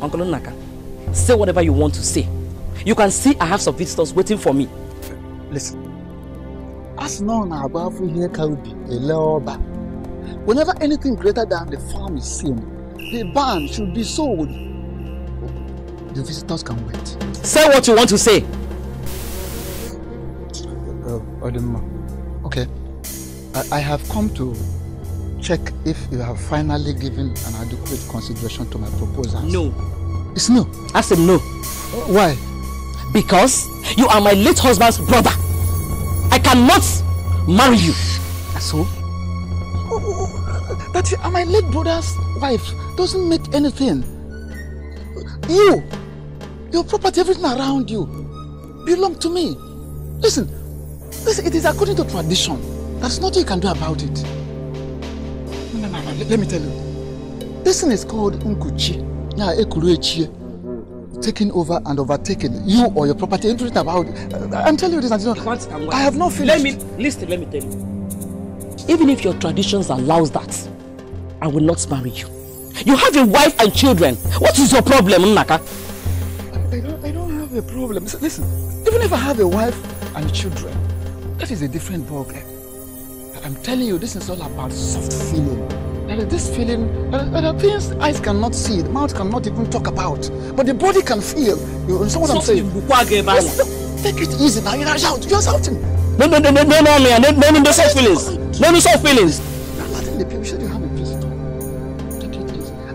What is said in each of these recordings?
Uncle Naka, say whatever you want to say. You can see I have some visitors waiting for me. Listen. As long as above here can be a labour. Whenever anything greater than the farm is seen, the barn should be sold. The visitors can wait. Say what you want to say. Uh, Okay. I, I have come to check if you have finally given an adequate consideration to my proposal. No. It's no. I said no. Why? Because you are my late husband's brother. I cannot marry you. So? That you are my late brother's wife doesn't make anything. You, your property, everything around you, belong to me. Listen, listen, it is according to tradition. There's nothing you can do about it. let, let me tell you. This thing is called Unkuchi. Now, Ekuruechie. Taking over and overtaking you or your property. Into it about. Uh, I'm telling you this, you know, I have not finished. Let me listen. Let me tell you. Even if your traditions allows that, I will not marry you. You have a wife and children. What is your problem, Naka? I, don't. I don't have a problem. Listen. Even if I have a wife and children, that is a different problem. I'm telling you, this is all about soft feeling. There is this feeling, there are things eyes cannot see, the mouth cannot even talk about, but the body can feel. You understand what I'm saying? Yes, take it easy now. You're shouting. You're shouting. No, no, no, no, no, no, no, no, no, no, soft feelings. No, no, soft feelings. You're letting the people you have in prison.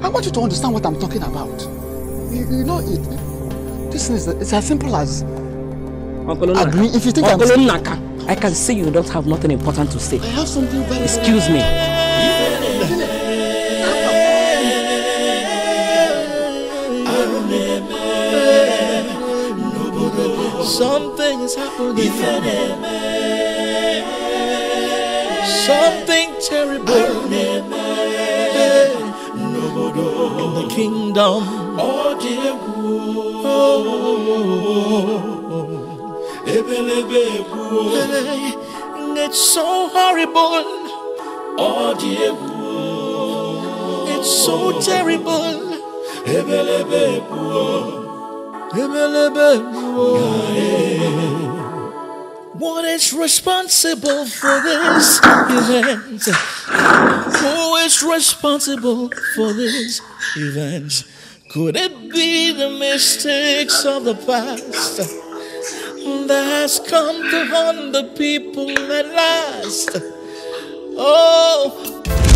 I want you to understand what I'm talking about. You, you know it. This is it's as simple as. Uncle agree. If you think Uncle I'm. Naka, I can see you don't have nothing important to say. I have something very. Excuse me. Something is happening. Something terrible in the kingdom. Oh, dear. it's so horrible. Oh dear. It's so terrible. What is responsible for this event? Who is responsible for this event? Could it be the mistakes of the past that has come to haunt the people at last? Oh.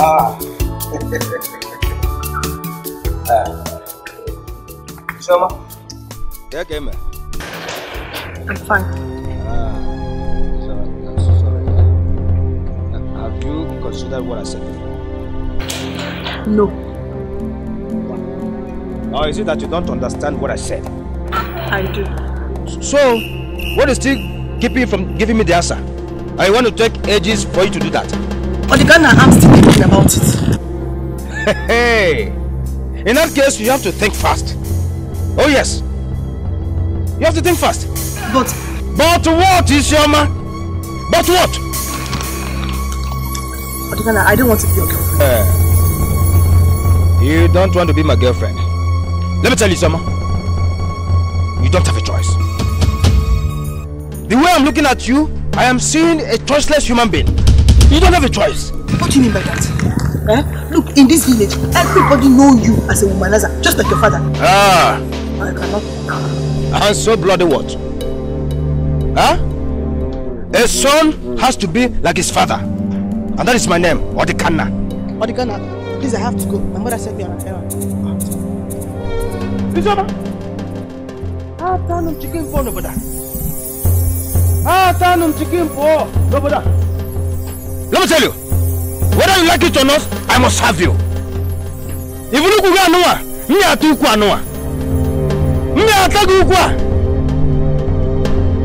Ah. uh, Shoma. Yeah, gamer. I'm fine. Ah, I'm sorry. Have you considered what I said No. Or is it that you don't understand what I said? I do. So, what is still keeping you from giving me the answer? I want to take ages for you to do that. But the gun I'm still about it. Hey! In that case, you have to think fast. Oh yes. You have to think fast. But... But what, Isioma? But what? Odivana, I don't want to be your girlfriend. Uh, you don't want to be my girlfriend. Let me tell you, Isioma. You don't have a choice. The way I'm looking at you, I am seeing a choiceless human being. You don't have a choice. What do you mean by that? Eh? Look, in this village, everybody know you as a womanizer, just like your father. Ah! I cannot. And so bloody what? Huh? A son has to be like his father. And that is my name, Odikana. Odikana, please, I have to go. My mother sent me on an errand. Bizoma! Ah, tanum chicken po over there. turn tanum chicken po over there. Let me tell you whether you like it or not i must have you If ìfúnnukwu gị me m ga-ata ukwu anụnwa m I ata gị ukwu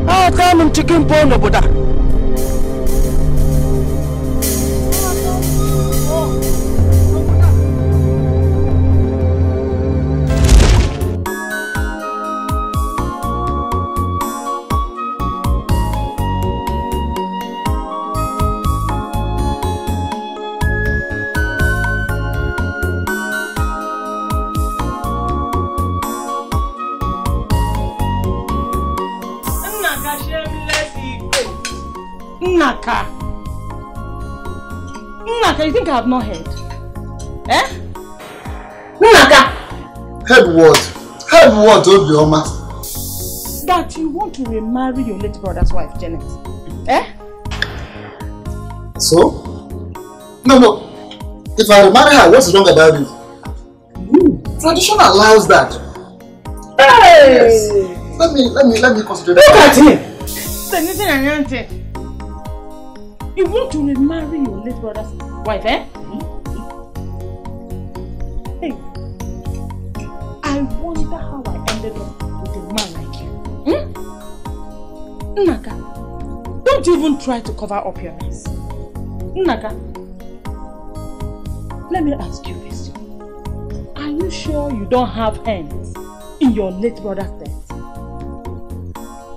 a ahụta m chicken pọ n'obodo a Nnaka! Nnaka, you think I have no head? Eh? Nnaka! head what? Head what, Obioma? That you want to remarry your late brother's wife, Janet. Eh? So? No, no. If I remarry her, what's wrong about it? Tradition allows that. Hey! Yes. Let me, let me, let me consider that. Look at him! Anything I You want to remarry your late brother's wife, eh? Hey, I wonder how I ended up with a man like you. Hmm? Naga, don't even try to cover up your mess. Naga, let me ask you this. Are you sure you don't have hands in your late brother's death?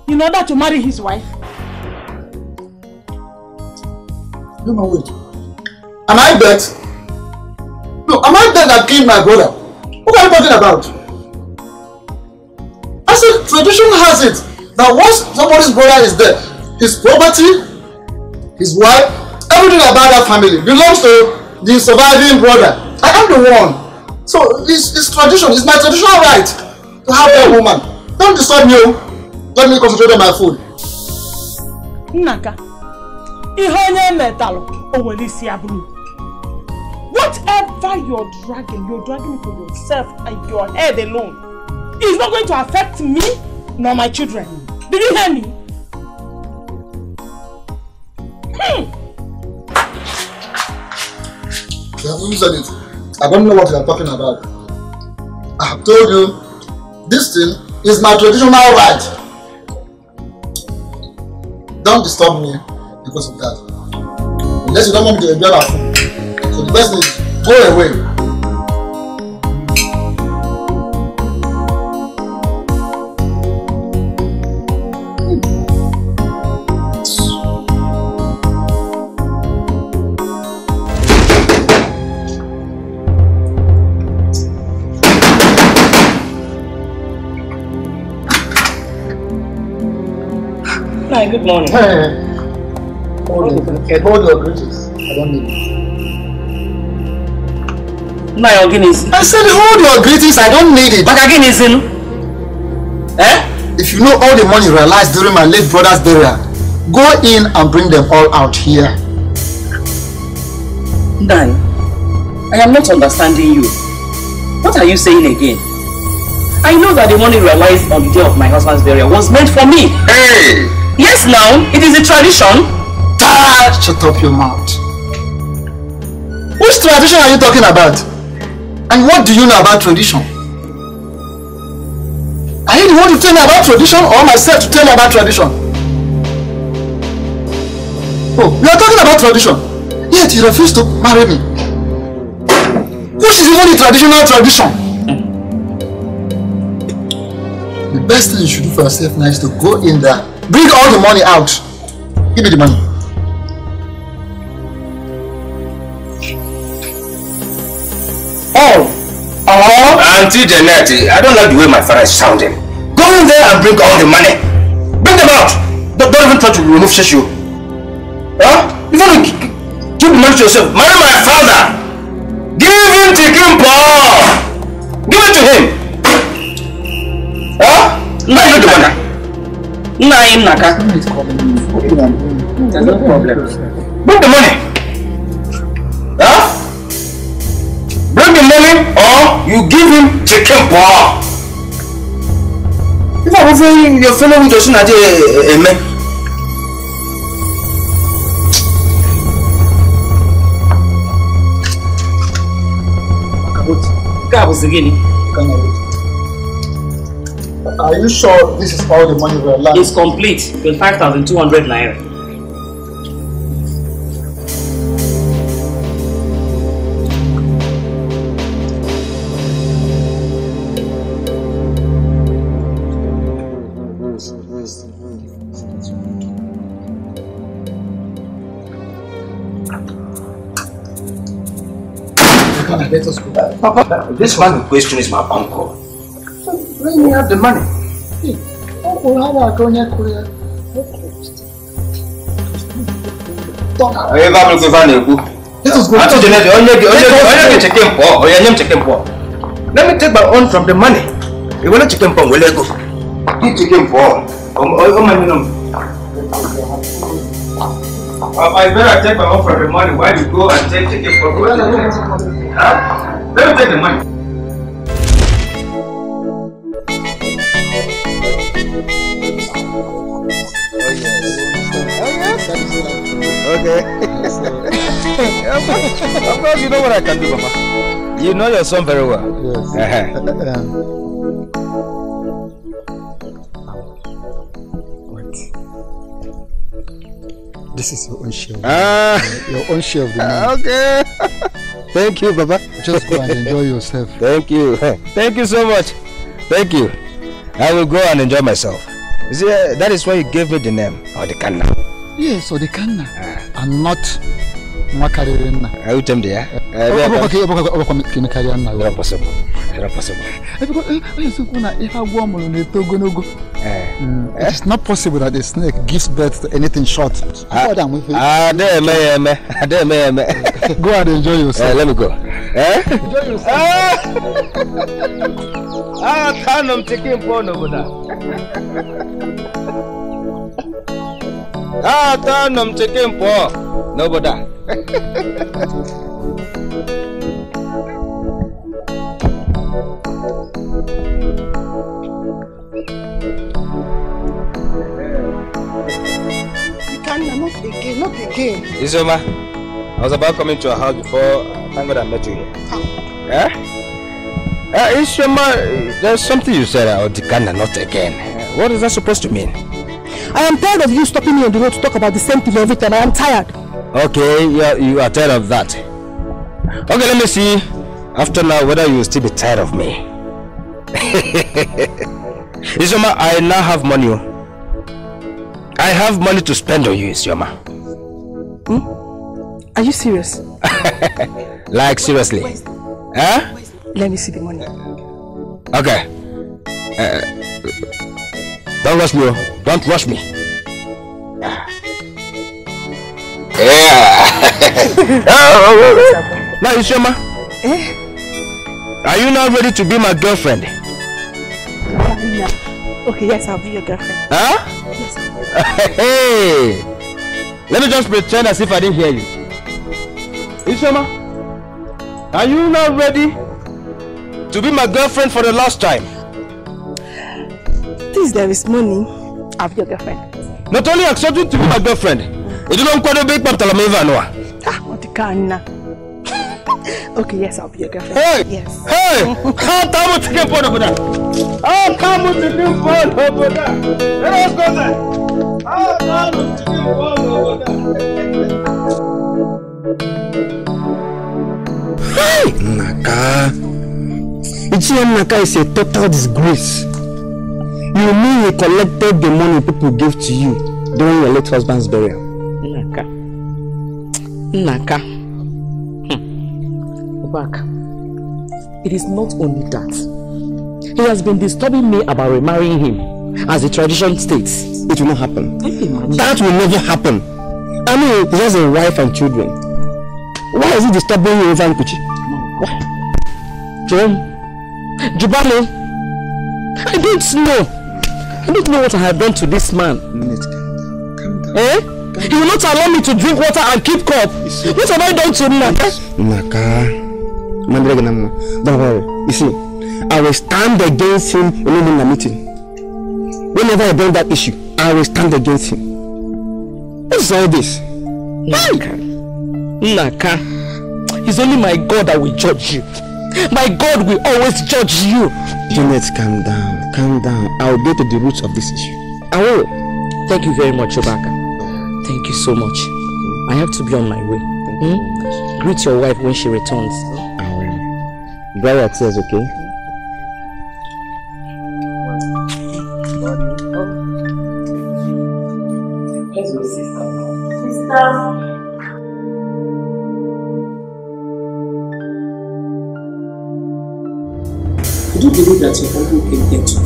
In order to marry his wife? Am I dead? No, am I dead that killed my brother? What are you talking about? I said tradition has it that once somebody's brother is dead, his property, his wife, everything about that family belongs to the surviving brother. I am the one. So it's, it's tradition, it's my traditional right to have that woman. Don't disturb me. Oh. Let me concentrate on my food. Naga. ihe onye metalụ o nwere isi abụrụ whatever you're dragging you're dragging for yourself and your head alone it's not going to affect me nor my children did you hear me hmm. you said it i don't know what you are talking about i have told you this thing is my traditional right don't disturb me because of that unless you don't want me to enjoy that food so the best thing is go away. good morning. Hold your grudges. I don't need it. My organism. I said hold your greetings, I don't need it. But organism? Eh? If you know all the money realized during my late brother's burial, go in and bring them all out here. Dan, I am not understanding you. What are you saying again? I know that the money realized on the day of my husband's burial was meant for me. Hey! Yes, now, it is a tradition tired, shut up your mouth. Which tradition are you talking about? And what do you know about tradition? Are you the one to tell me about tradition or myself to tell me about tradition? Oh, you are talking about tradition, yet you refuse to marry me. Which is even the traditional tradition? The best thing you should do for yourself now is to go in there, bring all the money out. Give me the money. off. Or... Uh-huh. Auntie Janet, I don't like the way my father is sounding. Go in there and bring all the money. Bring them out. Don't, don't even try to remove Sheshu. Huh? You don't keep the money to yourself. Marry my father. Give him to King Paul. Give it to him. Huh? Not even the money. Nah, I'm not. Bring the money. him or you give him chicken paw. If I wasn't your fellow with Osun Aje, amen. Are you sure this is all the money we are lying? It's complete. It's 5,200 naira. Papa, this man in question is my uncle. So let me have the money. Oh, oh, how let me take my own from the money i were cheke mpụọ nwere ego oh cheke mpụọ ọmanyere m I better take my own from the money while you go and take chicken for Let him the money. Okay. of course, you know what I can do, Mama. You know your son very well. Yes. Uh-huh. what? This is your own share. Ah. your own share of the money. Okay. Thank you, Baba. Just go and enjoy yourself. Thank you. Thank you so much. Thank you. I will go and enjoy myself. see, uh, that is why you gave me the name, Odikanna. Yes, Odikanna. Uh. Ah. And not mwakarere nna au tamde ya eh, eh, obakemekaria nna era possible era possible because na etogonogo Uh, it's not possible that the snake gives birth to anything short. Uh, uh, there, me, eh, me. There, ah, go and enjoy yourself. let me go. Eh? Enjoy yourself. Ah, tanum chicken pono buda. Atano mcheke mpo Not again. Isoma, I was about coming to your house before thank God I met you here. Oh. Eh? Uh, eh, Isoma, there's something you said about the Ghana not again. What is that supposed to mean? I am tired of you stopping me on the road to talk about the same thing every time. I am tired. Okay, you are, you are tired of that. Okay, let me see after now whether you will still be tired of me. Isoma, I now have money. I have money to spend on you, Isoma. Hmm? Are you serious? like, seriously? Huh? Let me see the money. Okay. Uh, don't rush me. Oh. Don't rush me. Yeah. now, Isioma, eh? are you now ready to be my girlfriend? Okay, yes, I'll be your girlfriend. Huh? Yes. Hey! Let me just pretend as if I didn't hear you. Isioma, are you now ready to be my girlfriend for the last time? Please, there is money of your girlfriend. Not only accepted to be my girlfriend, you don't quite back big part of my Ah, what a can? Okay, yes, I'll be your girlfriend. Hey! Yes. Hey! How come to get photo for that? How come to get photo for that? Let us go there. How come to get photo for that? Hey! Naka! It's Ichi Naka is a total disgrace. You mean you collected the money people gave to you during your late husband's burial? Nnaka. Nnaka. Hmm. Back. It is not only that. He has been disturbing me about remarrying him, as the tradition states. It will not happen. That will never happen. I mean, he has a wife and children. Why is he disturbing you over Nkuchi? Why? John? Jubale? I don't know. You don't know what I have done to this man. Minute, calm down. Eh? Calm down. Eh? He will not allow me to drink water and keep cup. See, what have I done to eh? Naka? Naka. Don't worry. You see, I will stand against him in the meeting. Whenever I bring that issue, I will stand against him. What is all this? Naka. Naka. It's only my God that will judge you. My God will always judge you. Janet, calm down calm down. I'll get to the roots of this issue. I will. Thank you very much, Obaka. Thank you so much. I have to be on my way. Hmm? Greet your wife when she returns. I will. Dry your tears, okay? Sister. Would you believe that your uncle can get you?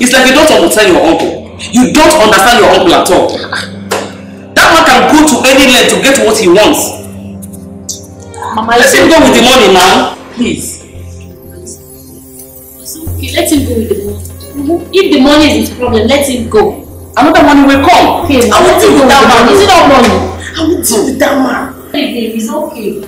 It's like you don't understand your uncle. You don't understand your uncle at all. That man can go to any length to get what he wants. Mama, let him go with the money now, please. It's okay, let him go with the money. Mm-hmm. If the money is his problem, let him go. Another money will come. Okay, I will deal with that man. Is it not money? I will deal with that man. Hey, babe, it's okay.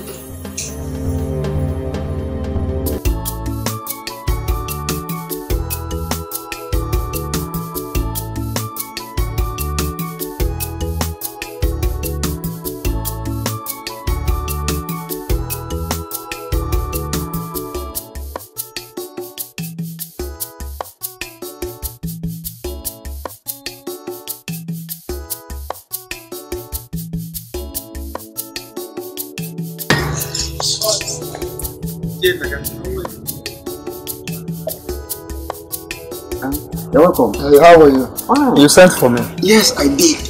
welcome. Hey, how are you? Oh. You sent for me? Yes, I did.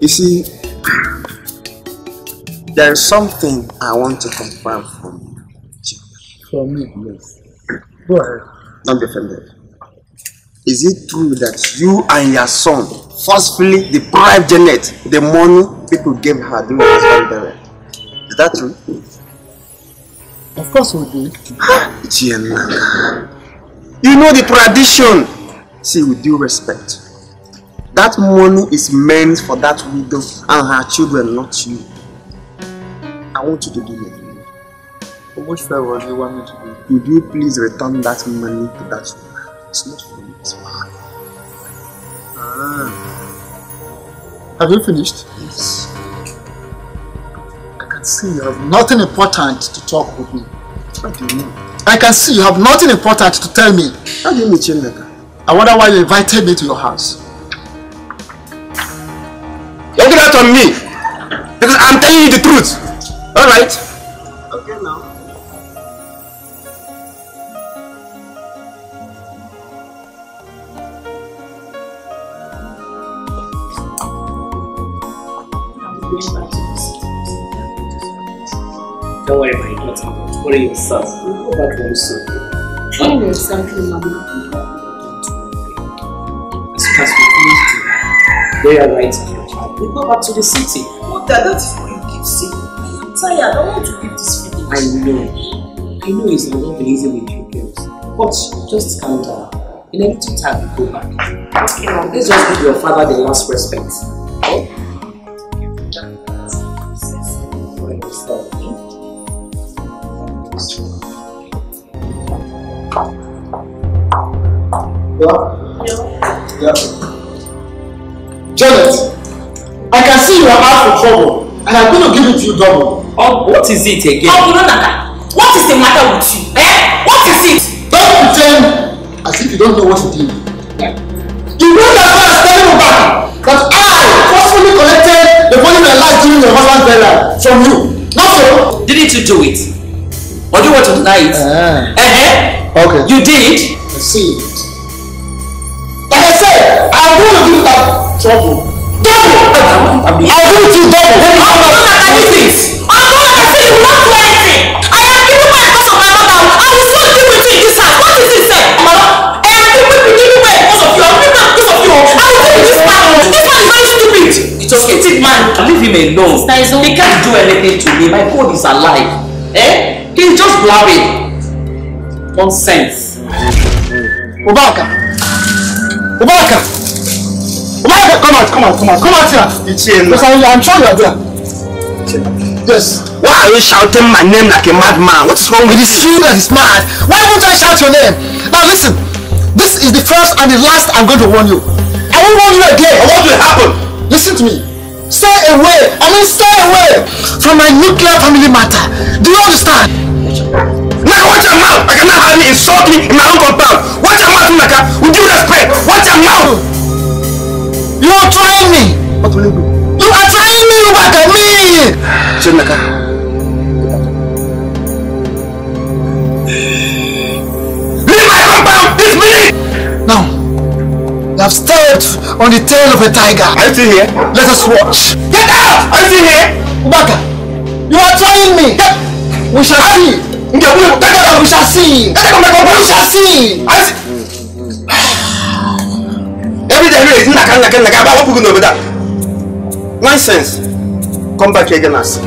You see, there is something I want to confirm from you. From me? Yes. Go ahead. Don't be offended. Is it true that you and your son forcefully deprived Janet the money people gave her during her husband Is that true? Of course we do. Jenna, you know the tradition see with due respect. That money is meant for that widow and her children, not you. I want you to do me. How much favor do you want me to do? Would you please return that money to that woman? It's not for me, it's for her. Ah. Have you finished? Yes. I can see you have nothing important to talk with me. What do you mean? I can see you have nothing important to tell me. How do you mean, Chinaka? I wonder why you invited me to your house. You not do that on me. Because I'm telling you the truth. Alright? Okay now. Don't worry, my daughter. Worry yourself. We'll go back home soon. Worry yourself, Mama. prayer right now, child. We go back to the city. Oh, that's what you keep saying. I am tired. I want to keep this feeling. I know. I know it's not been easy with you girls. But just calm down. In a little time, we go back. You know, let's just give your father the last respect. Okay? yeah. yeah. Janet, I can see you are out for trouble, and I'm going to give it to you double. Oh, what is it again? Oh, you know, that? what is the matter with you? Eh? What is it? Don't pretend as if you don't know what it is. Yeah. You know that man is telling you back that I forcefully collected the money that lies during your husband's burial from you. Not so. Didn't you do it? Or do you want to deny it? Uh, ah. uh -huh. Okay. You did? I see. Like I said, I'm going to give that trouble. Double! I'll give to you double. I'm going to give it. I'm going to this. you not do anything. I am giving my because of my mother. I will still deal with it in this house. What is it, sir? Mama, I am giving you my because of you. I'm giving my because of you. I will give this man. This man is very stupid. It's a Stupid man. Leave him alone. He can't do anything to me. My code is alive. Eh? He's just blabbing. Nonsense. Obaka. Ubaka! Ubaka, come out, come out, come out, come out here! It's here. Yes, I'm, I'm sure you're there. Yes. Why are you shouting my name like a madman? What's wrong with You It is you that is mad. Why won't I shout your name? Now listen, this is the first and the last I'm going to warn you. I won't warn you again. And what will happen? Listen to me. Stay away. I mean, stay away from my nuclear family matter. Do you understand? Now watch your mouth. I cannot have you insult me in my own compound. Watch your mouth, Naka. With due respect, watch your mouth. You are trying me. What will you do? You are trying me back at me. Naka. Leave my compound this minute. Now, you have stepped on the tail of a tiger. Are you still here? Let us watch. Get out! Are you still here? Ubaka, you are trying me. Get. We shall see ndebule kutakata kushasini ndakamakapa kushasini asi everyday everyday ndakandakandakaba wapukunoboda nonsense come back here again asi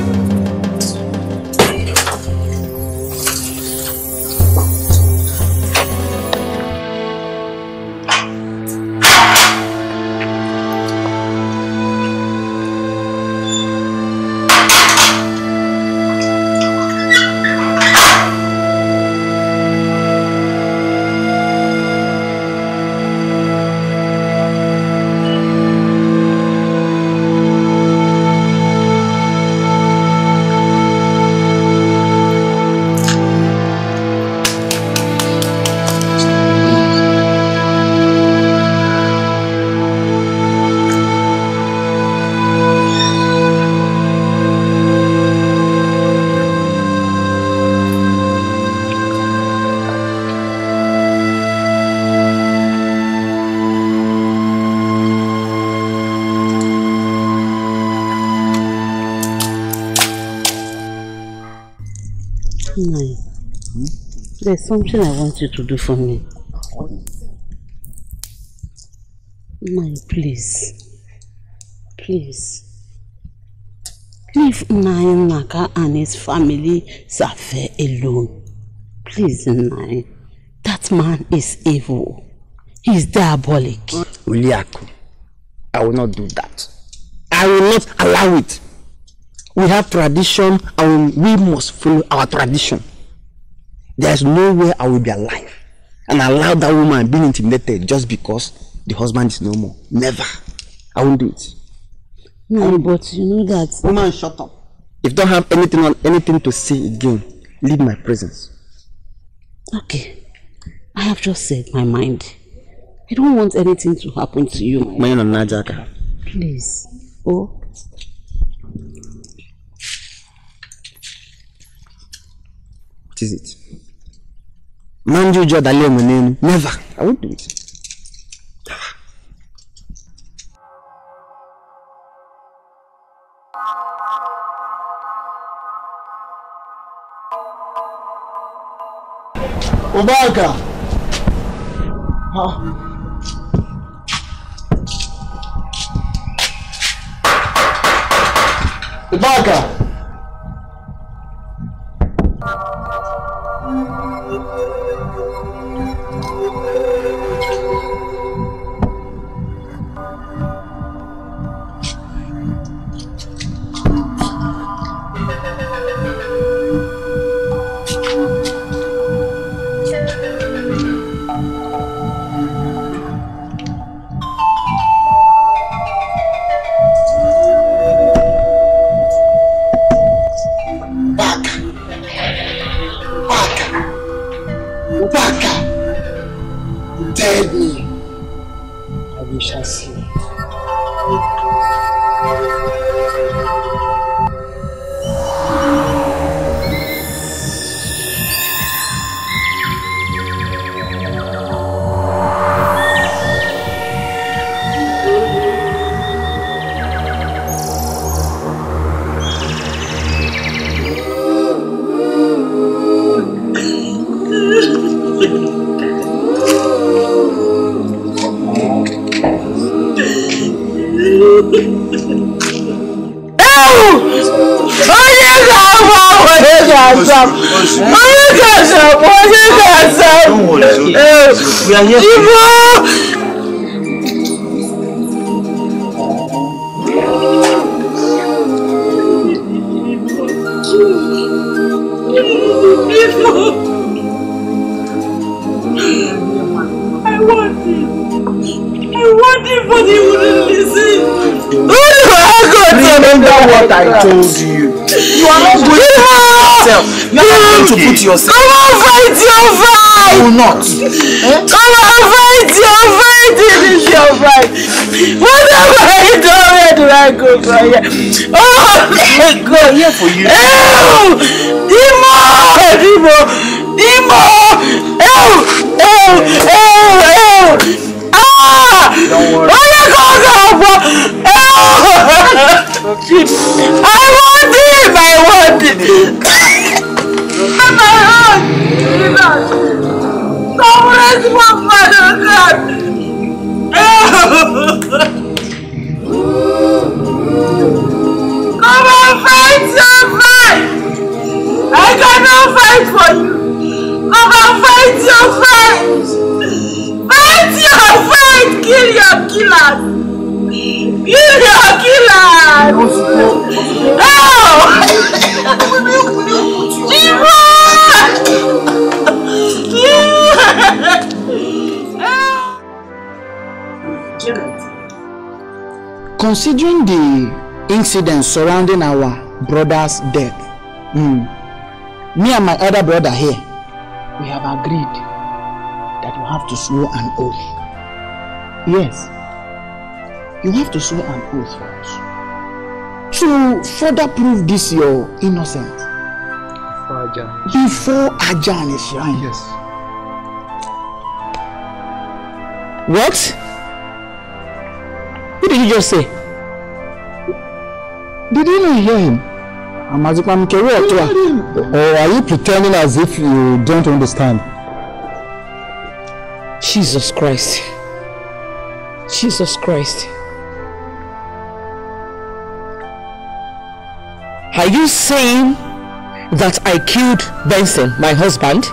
something I want you to do for me. My, please. Please. Leave Nai Naka and his family Safe alone. Please, Nai. That man is evil. He's diabolic. Uliaku, I will not do that. I will not allow it. We have tradition and we must follow our tradition. There's no way I will be alive and allow that woman being intimidated just because the husband is no more. Never. I won't do it. No, but you know that. Woman, shut up. If you don't have anything on anything to say again, leave my presence. Okay. I have just said my mind. I don't want anything to happen to you. My name is Najaka. Please. Oh. What is it? Mande o dia da lema, menino. Never. I won't do it. O Baca! Ah. Baca! we are here. Ibo! I told you. You are not going to put yourself. You are going to put yourself. Come on, fight your fight. I will not. Eh? Oh my God. I'm here for you. Ew! Dimo! Dimo! Dimo! Ew! Ew! Ew! Ew! Ah! Don't worry. Oh my God, God. Ew! Okay. I want him! I want him! Oh my God. heart! Don't rest my father, God! Ew! will fight for you. God fight your fight. Fight your fight. Kill your killer. Kill your killer. No. Jima. Considering the incidents surrounding our brother's death, mm, me and my elder brother here, we have agreed that you have to swear an oath. Yes, you have to swear an oath for us. To further prove this your innocence. Before Ajan. Before Ajan is shrine. Yes. What? What did you just say? Did you not hear him? I'm, Or oh, are you pretending as if you don't understand? Jesus Christ. Jesus Christ. Are you saying that I killed Benson, my husband?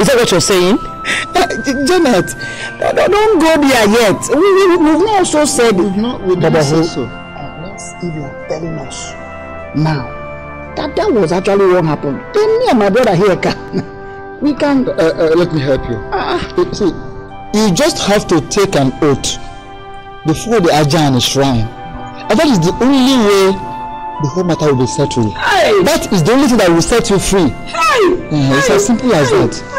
Is that what you're saying? Janet, don't go there yet. We, we, we've not also said... We've not, we've not said so. if you are telling us now that that was actually what happened. Then me and my brother here can we can. Uh, uh, let me help you. Uh, see, you just have to take an oath before the Ajahn shrine, and that is the only way the whole matter will be settled. Hey. That is the only thing that will set you free. Hey. Yeah, uh-huh. hey. It's as simple as hey. that.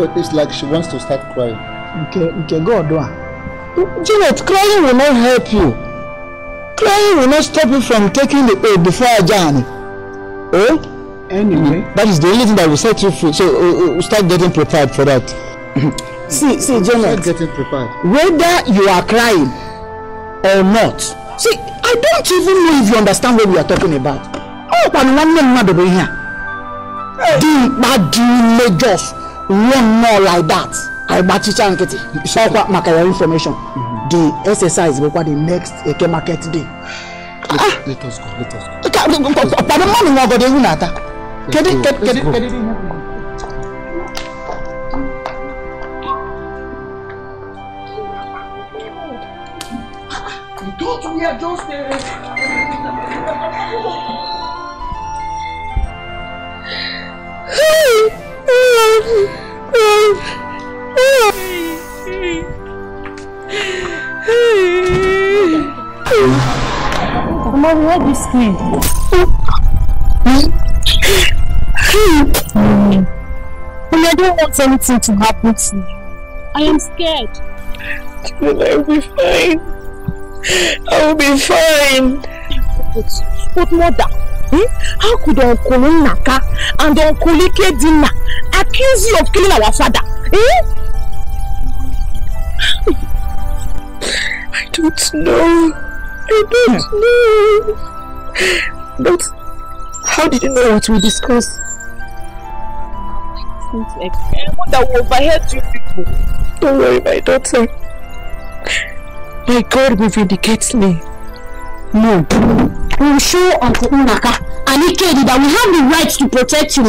Juliet is like she wants to start crying. Okay, okay, go do Janet, crying will not help you. Crying will not stop you from taking the aid before I Ajahn. Oh, Anyway. Mm-hmm. That is the only thing that will set you free. So uh, uh start getting prepared for that. see, see, Janet. Start getting prepared. Whether you are crying or not. See, I don't even know if you understand what we are talking about. Oh, but one man, here. The bad Lagos run more like that agbachicha nkịtị ọkwa maka your information mm-hmm. the exercise bụkwa the next eke market day kpado mmadụ nwa ọgọdọ ewu na-ata kedu kedu kedu Don't we are just there. Mama, we have this clean. Mommy, I don't want anything to happen to you. I am scared. But I'll be fine. I'll be fine. But, but mother, eh? how could Uncle Naka and Uncle Ike Dinah accuse you of killing our father? Eh? I don't know. I don't hmm. know. But how did you know what we discussed? you people. Don't worry, my daughter. My God will vindicate me. No. We will show Uncle Unaka and Ikedi that we have the right to protect you.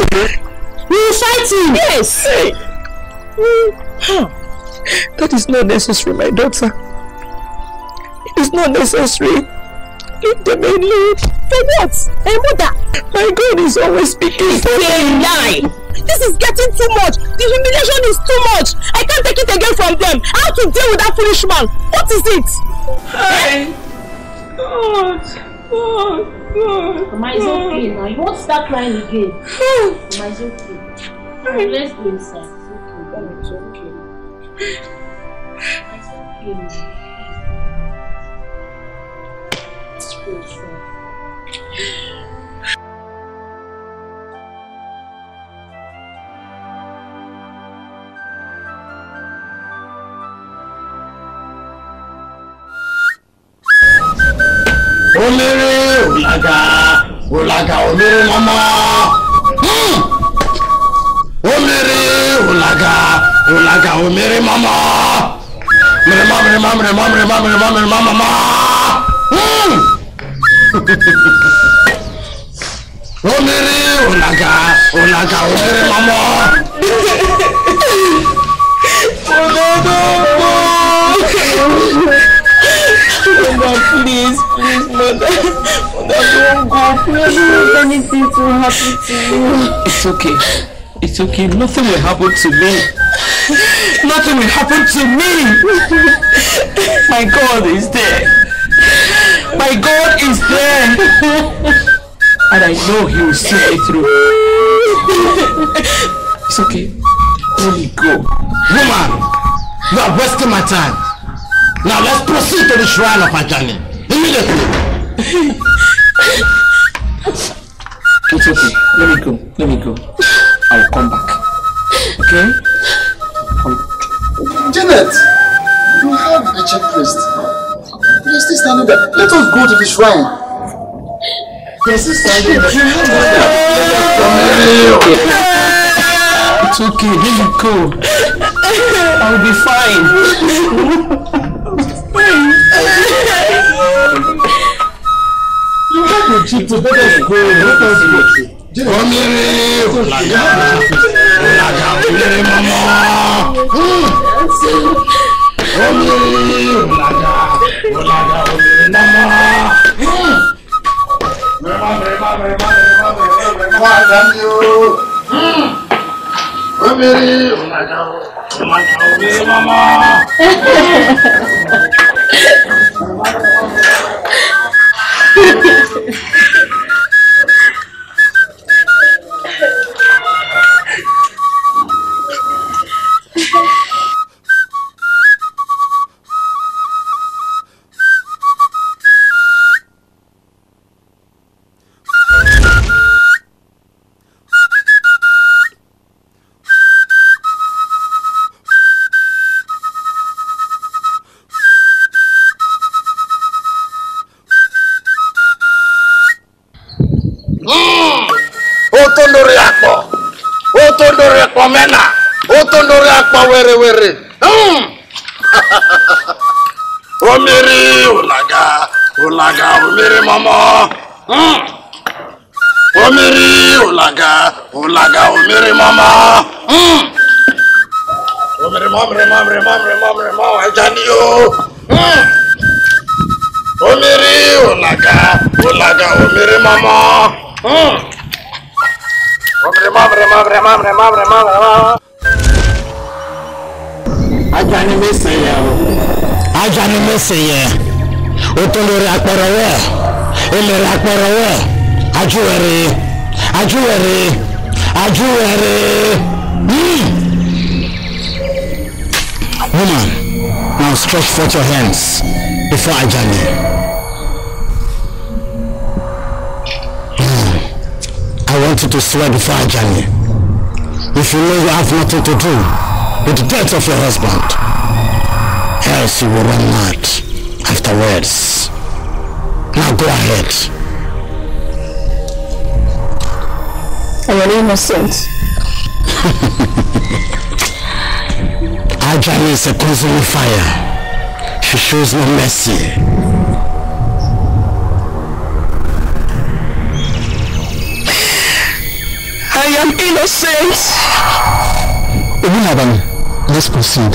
We will fight him! Yes! Hmm. that is not necessary, my daughter. It is not necessary. Leave them alone. For what? Hey, mother! My God is always speaking for me. lie! This is getting too much. The humiliation is too much. I can't take it again from them. How to deal with that foolish man? What is it? Hey! God! God, God, Mama, it's okay now. You won't start crying again. Hmm. Mama, it's okay. Let's go inside. It's okay. Oh, it's okay. It's okay. oléré òlàgà òlàgà olóró lọ́mọ́. Hmm omiri ulaga ulaga omiri mama Mama, mirima Mama, mirima Mama, mirima mama Mama. omiri ulaga ulaga omiri mama. Mother, please, please, mother. Mother, don't go. Please, don't let anything to happen to you. It's okay. It's okay. Nothing will happen to me. Nothing will happen to me. My God is there. My God is there. And I know He will see me through. It's okay. Let me go. Woman, you are wasting my time. Now let's proceed to the shrine of Ajani. Immediately. It's okay. Let me go. Let me go. I will come back. Okay? Janet, you have a chief priest. You are still standing there. Let us go to the shrine. You are still standing there. It's okay. Let me go. I will be fine. you have your chief to let us go. Let us go omiri laga laga omiri mọmọ omiri laga laga omiri mọmọ. mẹ́fà mẹ́fà mẹ́fà mẹ́fà mẹ́fà àdáni o omiri laga laga omiri mọmọ. omere omiri, olaga olaga omere mọmọ omiri, olaga olaga omere mọmọ omiri, mọmere mọmere mọmere mọmere omiri, ẹja ni o omere olaga olaga omere mọmọ. Mamre, mamre, mamre, mamre, mamre, mamre, mamre. Ajánimẹ́sìnyẹ o. Ajánimẹ́sìnyẹ otolori akpọrọwẹ elere akpọrọwẹ ajuwere ajuwere ajuwere hmm. Woman, now stretch forth your hands before Ajani. Hmm. I want you to swear before Ajani. If you know you have nothing to do with the death of your husband. else you will run mad afterwards. Now go ahead. I am innocent. Ajani is a consuming fire. She shows no mercy. I am innocent. Woman, let's proceed.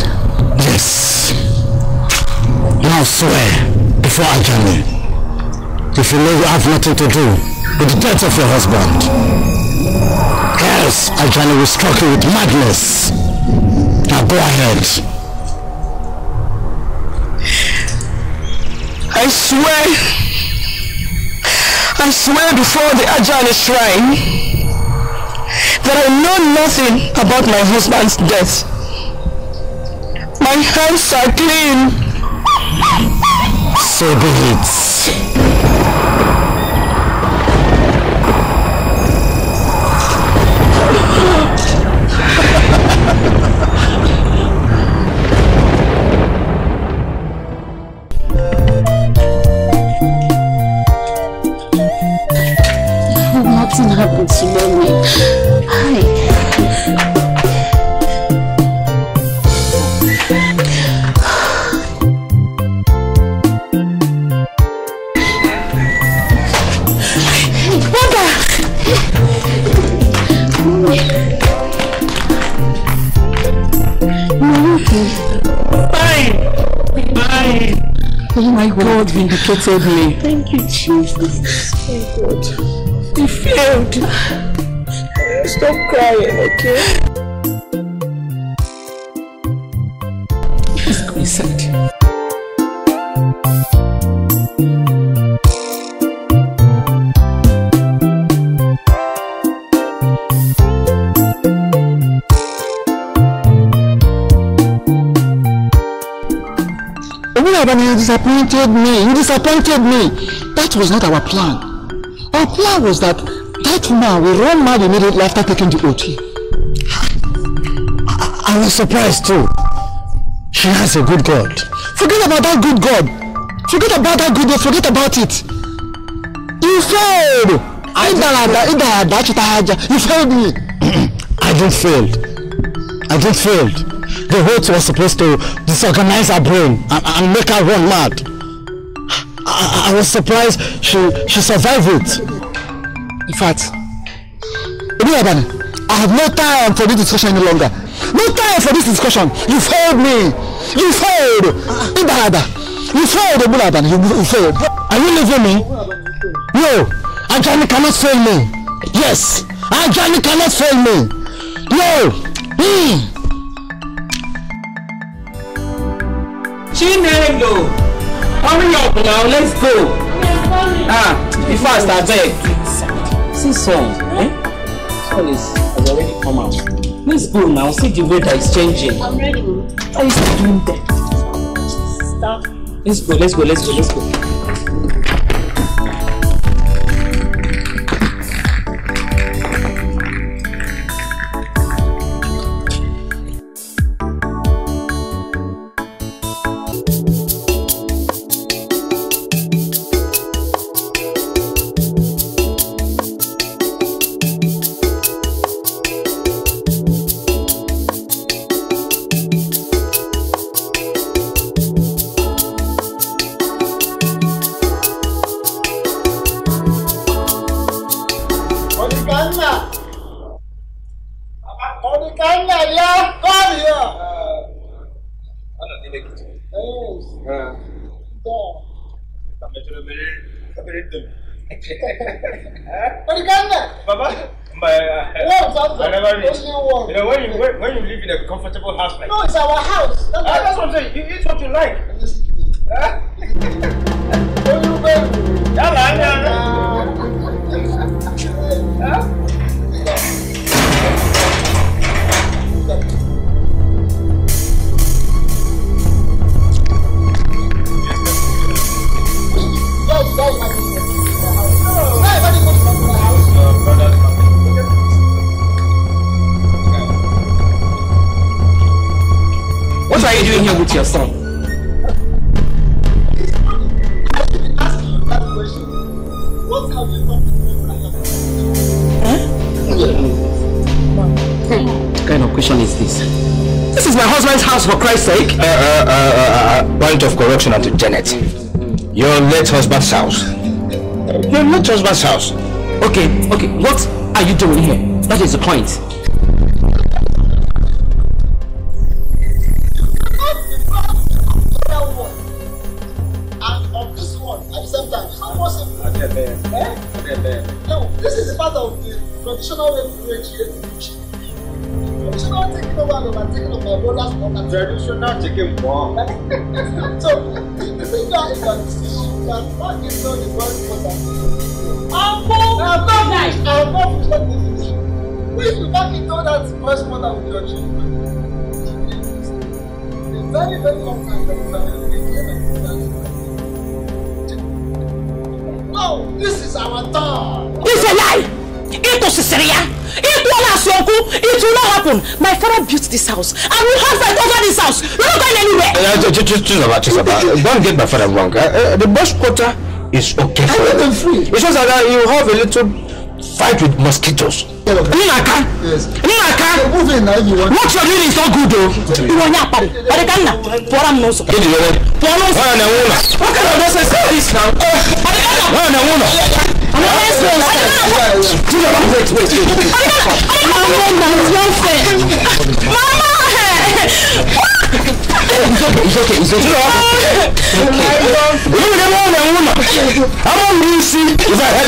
Yes now swear before I If you know you have nothing to do with the death of your husband. Else Ajani will struck you with madness. Now go ahead. I swear, I swear before the Ajani shrine that I know nothing about my husband's death. My hands are clean. So be it. frustrated me. Thank you, Jesus. Thank God. He failed. Stop crying, okay? disappointed me. You disappointed me. That was not our plan. Our plan was that that man will run mad immediately after taking the OT. I, I was surprised too. She has a good God. Forget about that good God. Forget about that good God. Forget about it. You failed. I didn't fail. You failed me. I didn't fail. I didn't fail the host was supposed to disorganize her brain and, and make her run mad. I, I was surprised she, she survived it. In fact, I have no time for this discussion any longer. No time for this discussion. You failed me. You failed. Ibarada. You failed, Obulaban. You, you failed. Are you leaving me? No. Ajani cannot fail me. Yes. Ajani cannot fail me. No. Mm. Chinelo hurry up now let's go ah be fast abeg see song eh song is has already come out let's go now see the weather is changing I'm ready how is it doing that stop let's go let's go let's go let's go. Senate. Your late husband's house. Your late husband's house. Okay, okay, what are you doing here? That is the point. Whoever built this house, I will have fight over this house. We're not going anywhere. Uh, just about. don't get my father wrong. Uh, uh, the boss quarter is okay for I them free. It's just that uh, you have a little fight with mosquitoes. Nnaka! Nnaka! What you're doing is not good though. Iwe onye akpari, kpari ka nna, pụọra m n'ụzọ. Gịnị mere? Pụọ n'ụzọ. Nwaanyị na nwa ụlọ. What kind of nonsense is this now? Kpari ka nna. Nwaanyị ọmọ ẹ sọ ọ sọ ti yọ wait wait wait wait ọmọ ẹ na ti yọ fẹ mama it's okay it's okay it's okay olórí ẹgbẹ́ ọ̀nà ẹ̀wọ̀n nà àmọ́ mi ń sí ìfà ẹ̀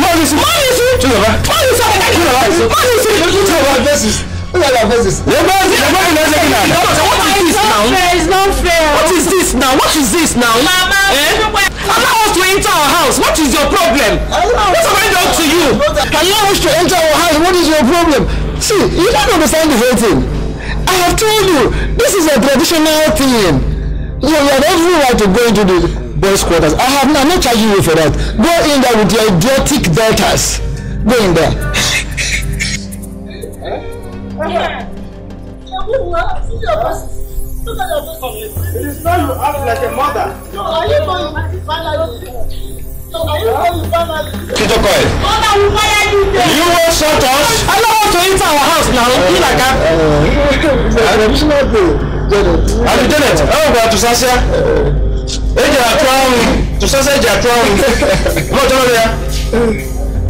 mọ́ mi sí mọ́ mi sí tí yọ bá mọ́ mi sí mọ́ mi sí tí yọ bá versus. Look at our faces. We're not we're not in any now. What is this now? Fair, it's not fair. What is this now? What is this now? Mama, eh? Allow us to enter our house. What is your problem? what have I done to you? Allow us to enter our house. What is your problem? See, you don't understand the whole thing. I have told you, this is a traditional thing. You have every right to go into the boys' quarters. I have not, I'm not charging you for that. Go in there with your idiotic daughters. Go in there. Yeah. Look it. is not you act like a mother. No, are you going finally? No, are you going finally? Tito Koy. Mother, we fire you there. You won't shut us. I don't want to enter our house now. Be like that. I'm the lieutenant. I'm going to Sasia. are atụrụ to Sasia eji atụrụ anwụ. N'ọjọọ ya.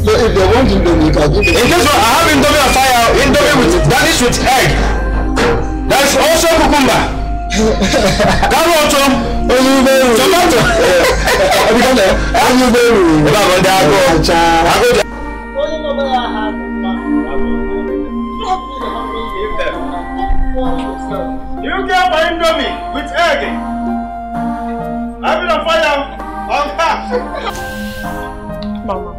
So if they want Indomie, you can give them. In this one, I have Indomie on fire. Indomie with that is with egg. That is also cucumber dábọ̀ ọ̀tọ̀ olùbẹ̀rù tọ́mọ̀tọ̀ ẹ̀ẹ́dẹ́gbẹ̀rù olùbẹ̀rù ìbáwọ̀ dáàbọ̀ ọ̀chá. You get my indomie with egg. I've been on fire on back. Mama,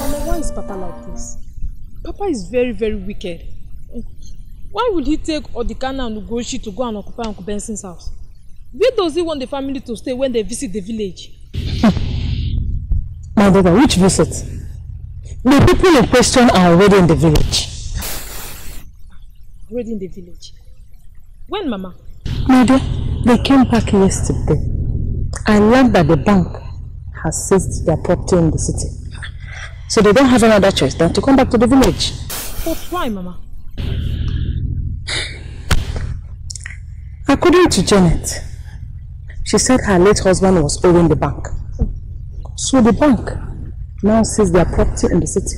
Mama, why is Papa like this? Papa is very, very wicked. Why would he take Odikana and Ugochi to go and occupy Uncle Benson's house? Where does he want the family to stay when they visit the village? My daughter, which visit? The people in question are already in the village. Already in the village? When, Mama? My dear, they came back yesterday. I learned that the bank has seized their property in the city. So they don't have another choice than to come back to the village. But why, Mama? According to Janet, she said her late husband was owing the bank. So the bank now sees their property in the city.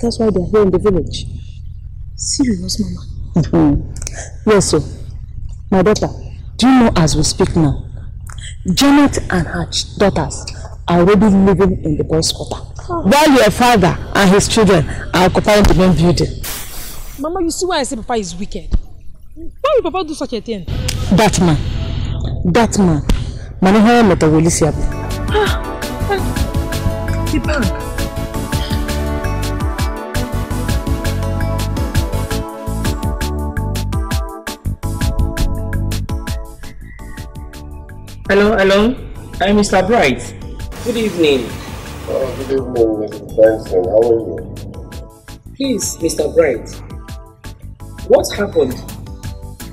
That's why they're here in the village. Serious, Mama? Mm -hmm. Yes, sir. My daughter, do you know as we speak now, Janet and her daughters are already living in the boys' quarter. Oh. While your father and his children are occupying the main building. Mama, you see why I say Papa is wicked. Why would Papa do such a thing? That man. That man. Manohara Metawoli Siabu. The bank. Hello, hello. I'm Mr. Bright. Good evening. Uh, good evening, Mr. Benson. How are you? Please, Mr. Bright, what happened?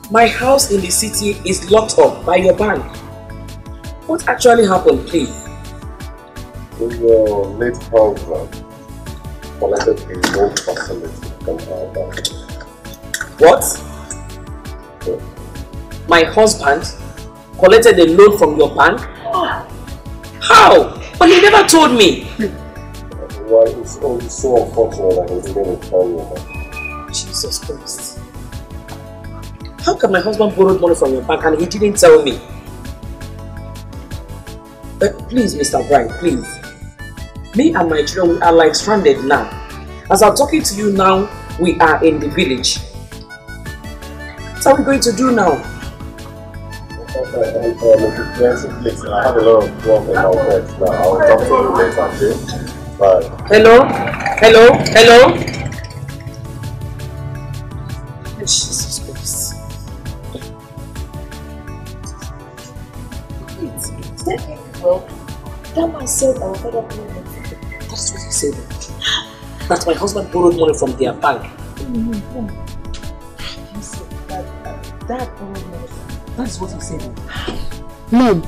My house in the city is locked up by your bank. What actually happened, please? In your late husband collected a loan facility from our bank. What? Yeah. My husband collected a loan from your bank? How? But he never told me. Why, well, it's only so unfortunate that he didn't tell you. Jesus Christ my husband borrowed money from your bank and he didn't tell me. Uh, please, Mr. Bright, please. Me and my children, we are like stranded now. As I'm talking to you now, we are in the village. What are we going to do now? Hello? Hello? Hello? I said I money. That's what he said. That my husband borrowed money from their bank. You said that that borrowed money. That's what he said. Mom,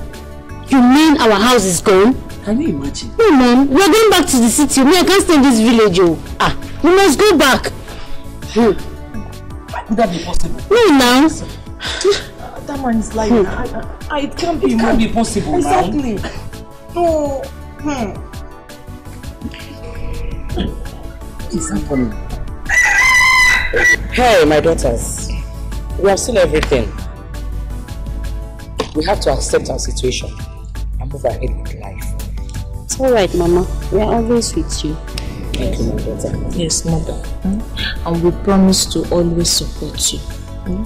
you mean our house is gone? Can you imagine? No, Mom. We're going back to the city. We can't stay in this village, oh. Ah, we must go back. No, hmm. Why could that be possible? No, now. Uh, that man is lying. Hmm. I, I, I, it can't be. It can't be possible exactly. Exactly. Hey, my daughters. We have seen everything. We have to accept our situation and move ahead with life. It's all right, Mama. We are always with you. Thank yes. you, my daughter. Yes, Mother. Hmm? And we promise to always support you. Hmm?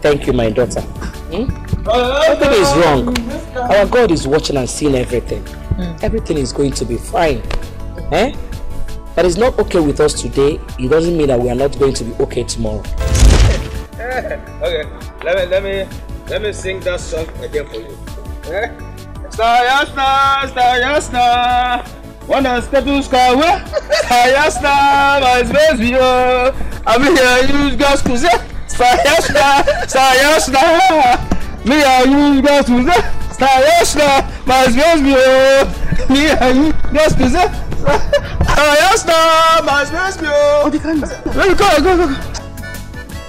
Thank you, my daughter. Hmm? Eh? Nothing is wrong. Our God is watching and seeing everything. Mm. Everything is going to be fine. Eh? That is not okay with us today. It doesn't mean that we are not going to be okay tomorrow. okay, let me let me let me sing that song again for you. Eh? Star, star, star, star. One and step to sky, where? Star, star, my space, oh. I'm here, you guys, cause yeah. Sayasna, Sayasna, mi a yín gbẹ́sùnzẹ́, Sayasna, máa ṣe é mi o, mi a yín gbẹ́sùnzẹ́, Sayasna, máa ṣe é mi o. Ọdí kan náà. Let me go,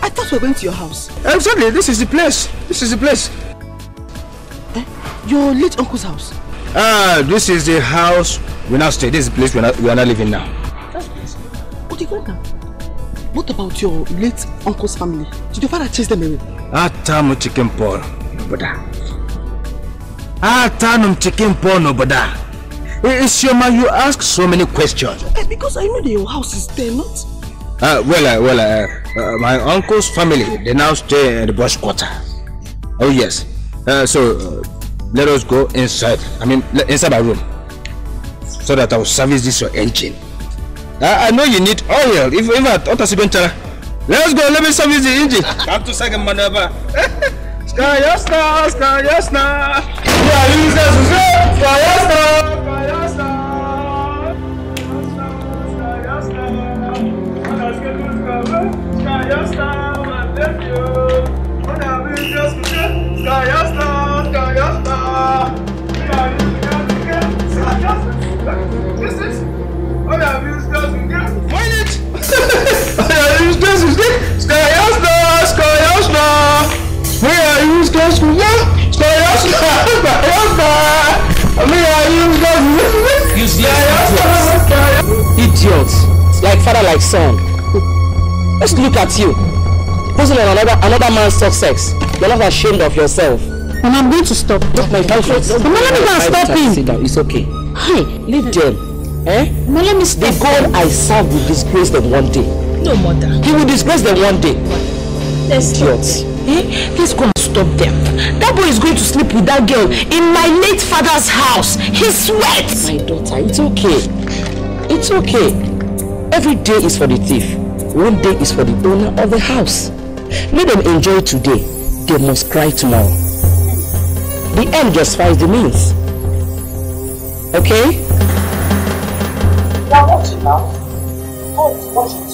I thought we were going to your house. Exactly, eh, this is the place, this is the place. Eh? Your late uncle's house? Ah, this is the house we now stay, this is the place we are not, we are not living now. That's oh, the place. Ọdí kan náà. What about your late uncle's family? Did your father chase them away? Atam chicken Paul, Noboda. Atanum chicken Paul, your man. you ask so many questions. Uh, because I know that your house is there, not? Uh, well, uh, well, ah, uh, my uncle's family, they now stay in the bush quarter. Oh, yes. Uh, so, uh, let us go inside. I mean, inside my room. So that I will service this your engine. I, I know you need oil. If if I thought Let's go, let me service the engine. Come to second maneuver. Skayasta, Skayasta. Yeah, Jesus, Skayasta, Skayasta. Skayasta, I love you. What have you just Skayasta, Skayasta. Skayasta, Skayasta. This is what have you Win idiots. Like father, like son. Just look at you. Posting on another, another man's success. You're not ashamed of yourself. And I'm going to stop. Not my conscience. Mama, let me go and stop him. Sit down. It's okay. Hi. Leave them. Eh? No, let me The God I serve will disgrace them one day. No, mother. He will disgrace them one day. Let's Idiots. Eh? Let's go and stop them. That boy is going to sleep with that girl in my late father's house. He sweats. My daughter, it's okay. It's okay. Every day is for the thief. One day is for the owner of the house. Let them enjoy today. They must cry tomorrow. The end justifies the means. Okay? now. Oh, it's watching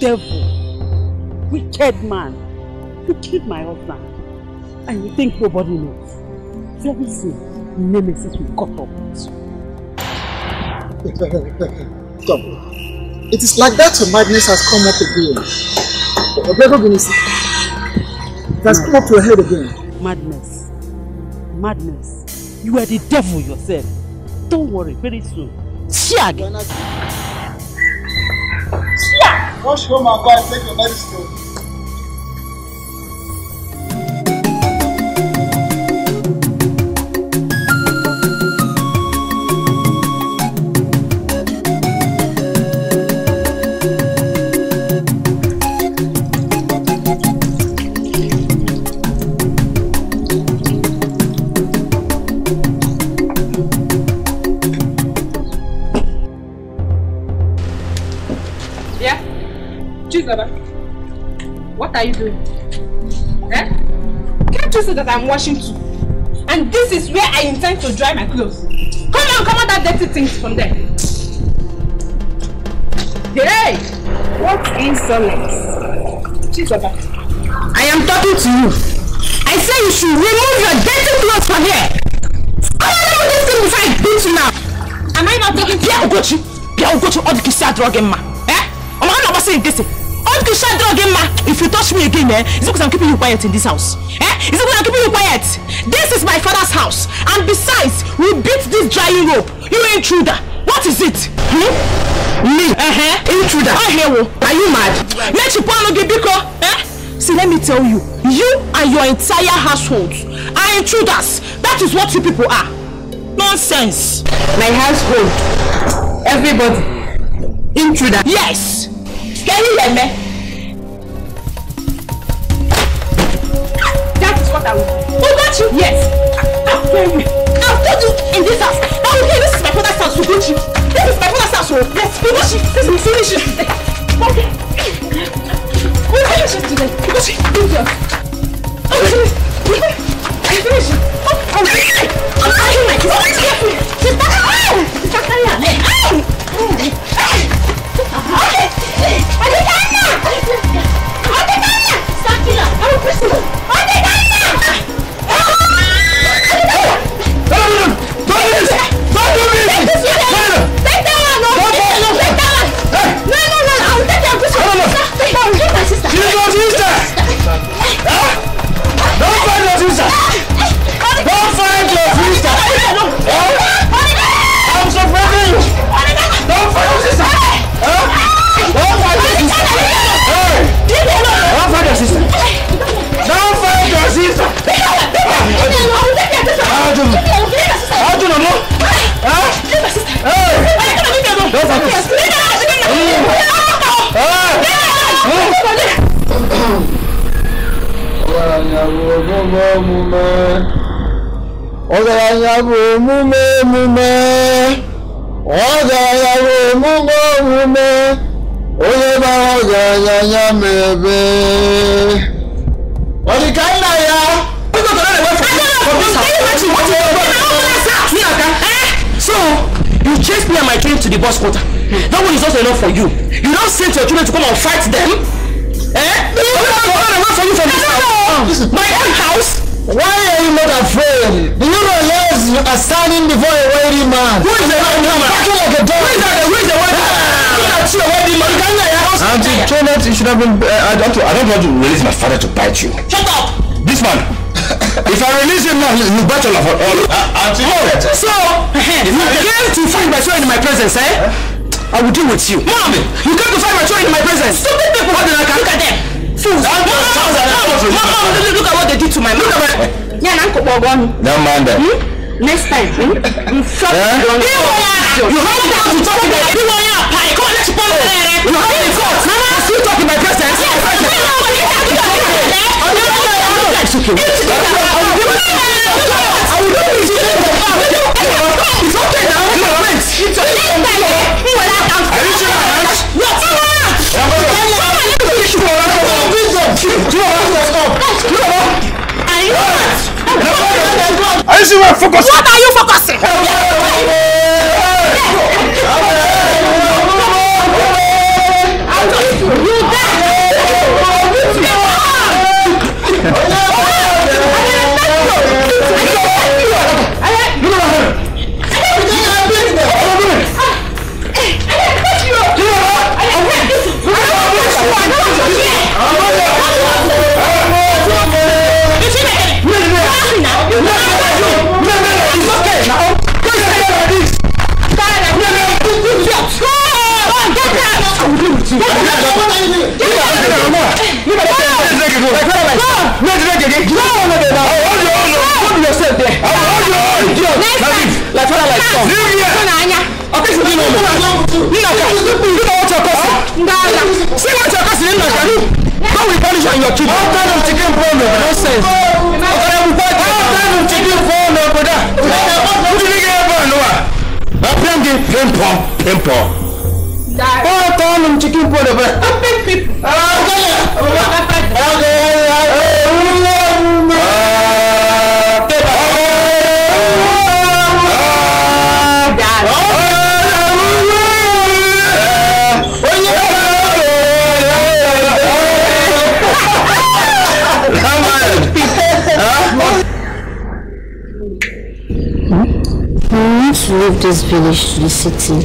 Devil, wicked man, you killed my husband, and you think nobody knows. Very soon, nemesis will cut up with you. Come. It is like that your madness has come up again. Obrego Guinness, it has come up to your head again. Madness. Madness. You are the devil yourself. Don't worry, very soon. Shag! Shag! Wash home and go and take your medicine. are you doing? Eh? Can't you see that I'm washing too? And this is where I intend to dry my clothes. Come on, come on, that dirty things from there. Hey! What insolence? Jesus. I am talking to you. I say you should remove your dirty clothes from here. Come on, remove this thing before I beat you now. Am I not talking to you? Bia Ugochi! Bia Ugochi, all the Christian drug in ma. Eh? I'm not going to say If you shot drug in ma? If you touch me again, eh, is it because I'm keeping you quiet in this house? Eh? Is it because I'm keeping you quiet? This is my father's house. And besides, we beat this drying rope. You intruder. What is it? Hmm? Me? Uh-huh. Intruder. Oh, here, Are you mad? Let you put on biko. Eh? See, let me tell you. You and your entire household are intruders. That is what you people are. Nonsense. My household. Everybody. Intruder. Yes. Can you hear me? that way. Oh, that you? Yes. I'm very. I've told you in this house. Now, okay, this is my father's house, so don't you? This is my father's house, so let's finish This is finish it. Okay. We'll finish it today. Because she did yours. Okay. We'll finish it. Okay. not to release my father to bite you. Shut up! This man. if I release him now, you bet all of all. Uh, oh, uh, so eh, you came to find my child in my presence, eh? Huh? I will deal with you. Mom, you came to find my child in my presence. Stupid people, what did I look at them? Fools. Mom, mom, mom, look at what they did to my mother. Yeah, Uncle Bogon. Don't mind that. Hmm? next time hmm? in front eh? of your you have to talk to them you want to pie come on let's put it there you have to talk in my presence. Yes, Yes, I will not do it. It's okay. I It's okay now. You know, wait. It's okay. I'm not going to Are you sure? What? Are you sure? Focus. What are you focusing? this village to the city.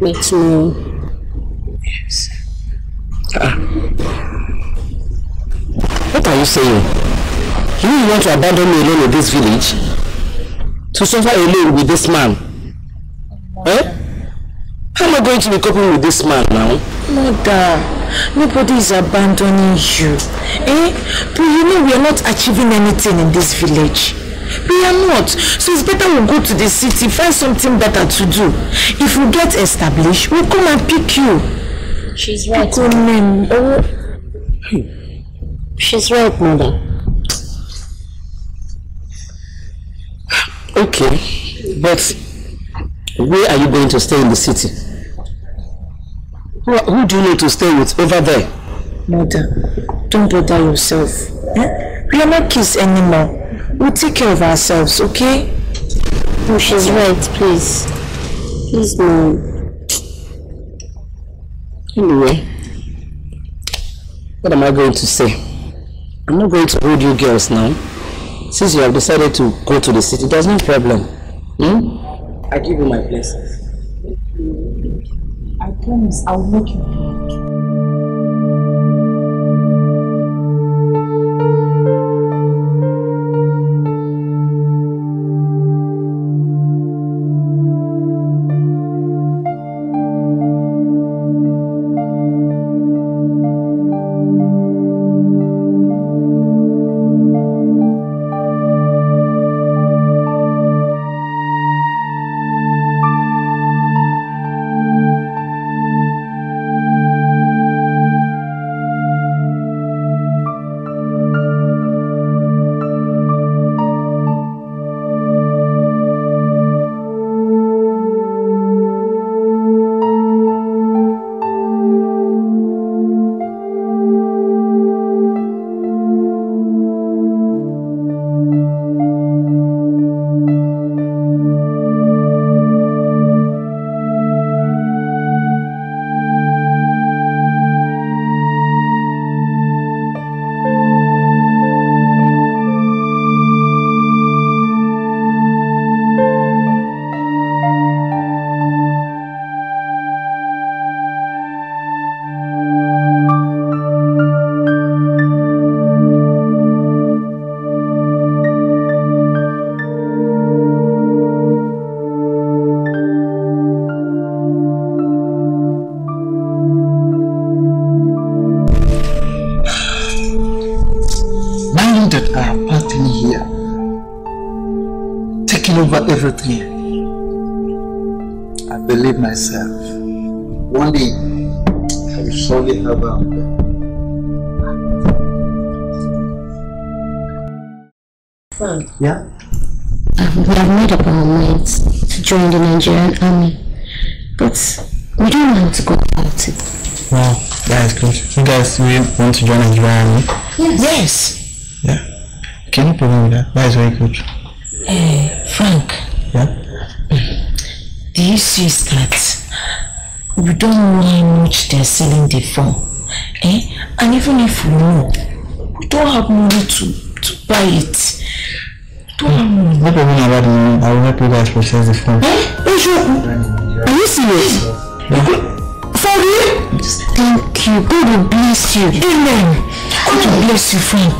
With me. Yes. Ah. What are you saying? You want to abandon me alone in this village? To suffer alone with this man? Eh? How am I going to be coping with this man now? Mother, nobody is abandoning you. Eh? But you know we are not achieving anything in this village we are not so it's better we go to the city find something better to do if we get established we'll come and pick you. she's right pick on oh. she's right mother. okay but where are you going to stay in the city? Who, who do you need to stay with over there? Mother, don't bother yourself. Eh? We are not kids anymore. We'll take care of ourselves, okay? No, oh, she's right, please. Please, mom. Anyway, what am I going to say? I'm not going to hold you girls now. Since you have decided to go to the city, there's no problem. Hmm? I give you my blessings. I promise I will make you guys want to join Nigeria Army? Yes. Yes. Yeah. Can you problem with that. That is very good. Uh, Frank. Yeah. The issue is that we don't know how much they're selling the phone. Eh? And even if we know, we don't have money to, to buy it. Don't have money. No problem about the money. I will help you guys process the phone. Eh? Are you serious? Yeah. glory. Thank you. God will bless you. Amen. God will bless you, Frank.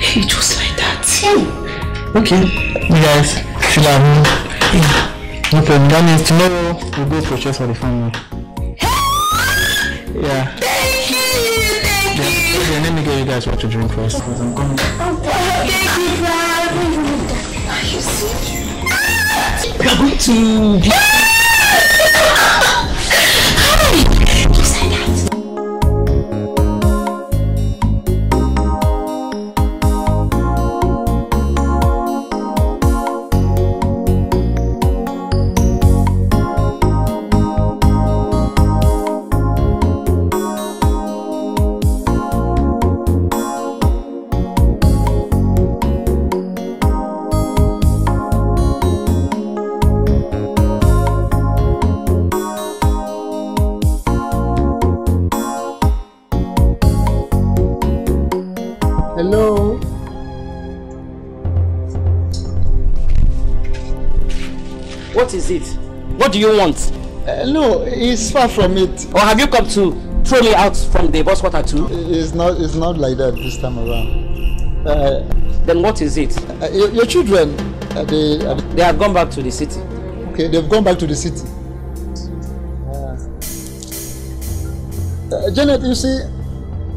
He just like that. Hey. Hmm. Okay. You guys, should have me. Yeah. No problem. That means tomorrow we'll go for church for the family. Hey. Yeah. Thank you. Thank yeah. you. Okay, let me get you guys what to drink first because I'm coming. Oh, thank you, Frank. Are you serious? We are going to... it? What do you want? Uh, no, it's far from it. Or have you come to throw me out from the bus water too? It's not, it's not like that this time around. Uh, then what is it? Uh, your, your, children, they, they have gone back to the city. Okay, they've gone back to the city. Uh, uh, Janet, you see,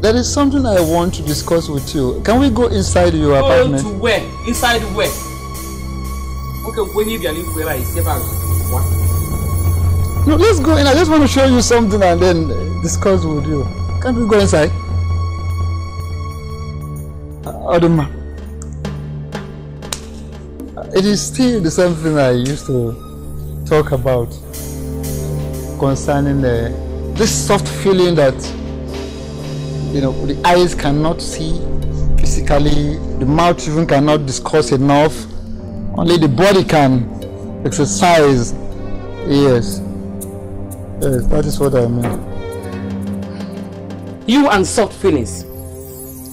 there is something I want to discuss with you. Can we go inside your apartment? Go to where? Inside where? Okay, when you are where I step out. No, let's go in. I just want to show you something and then discuss with you. Can we go inside? Adama. Uh, uh, it is still the same thing I used to talk about concerning the, this soft feeling that you know the eyes cannot see physically, the mouth even cannot discuss enough, only the body can exercise. Yes. Yes, eh, that is what I mean. You and soft feelings.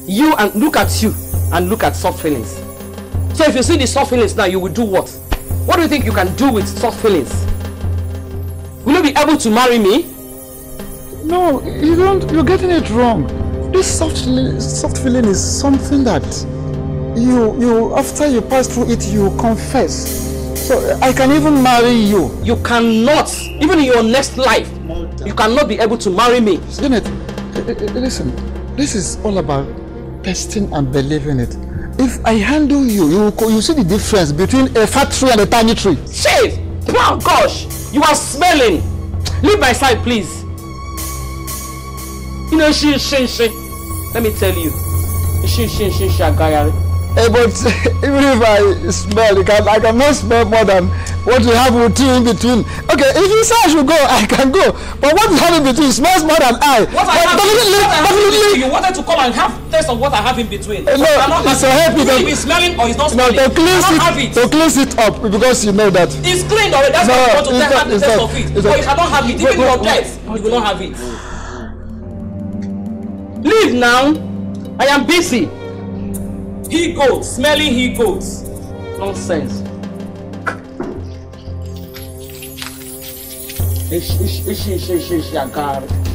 You and look at you and look at soft feelings. So if you see the soft feelings now, you will do what? What do you think you can do with soft feelings? Will you be able to marry me? No, you don't. You're getting it wrong. This soft soft feeling is something that you you after you pass through it, you confess. So I can even marry you. You cannot, even in your next life, you cannot be able to marry me. Janet, eh, eh, eh, listen, this is all about testing and believing it. If I handle you, you you see the difference between a fat tree and a tiny tree. Chief! Wow, gosh! You are smelling! Leave my side, please. You know, she, she, she. Let me tell you. She, she, she, she, she, Eh, but even if I smell, I, can, I cannot smell more than what you have with you in between. Okay, if you say I should go, I can go. But what you have in between smells more than I. What but I have, definitely, what I have definitely, you wanted to come and have taste of what I have in between. Uh, no, it's so happy. If it's smelling or it's not smelling, no, to cleanse it, have it. To cleanse it up because you know that. It's clean already. That's no, why you want to not, have the taste not, of it. But not, you cannot have it. Even your death, you will not have it. Leave now. I am busy he goat smelling he goat nonsense. Ishi ishi ishi ishi ishi ankara.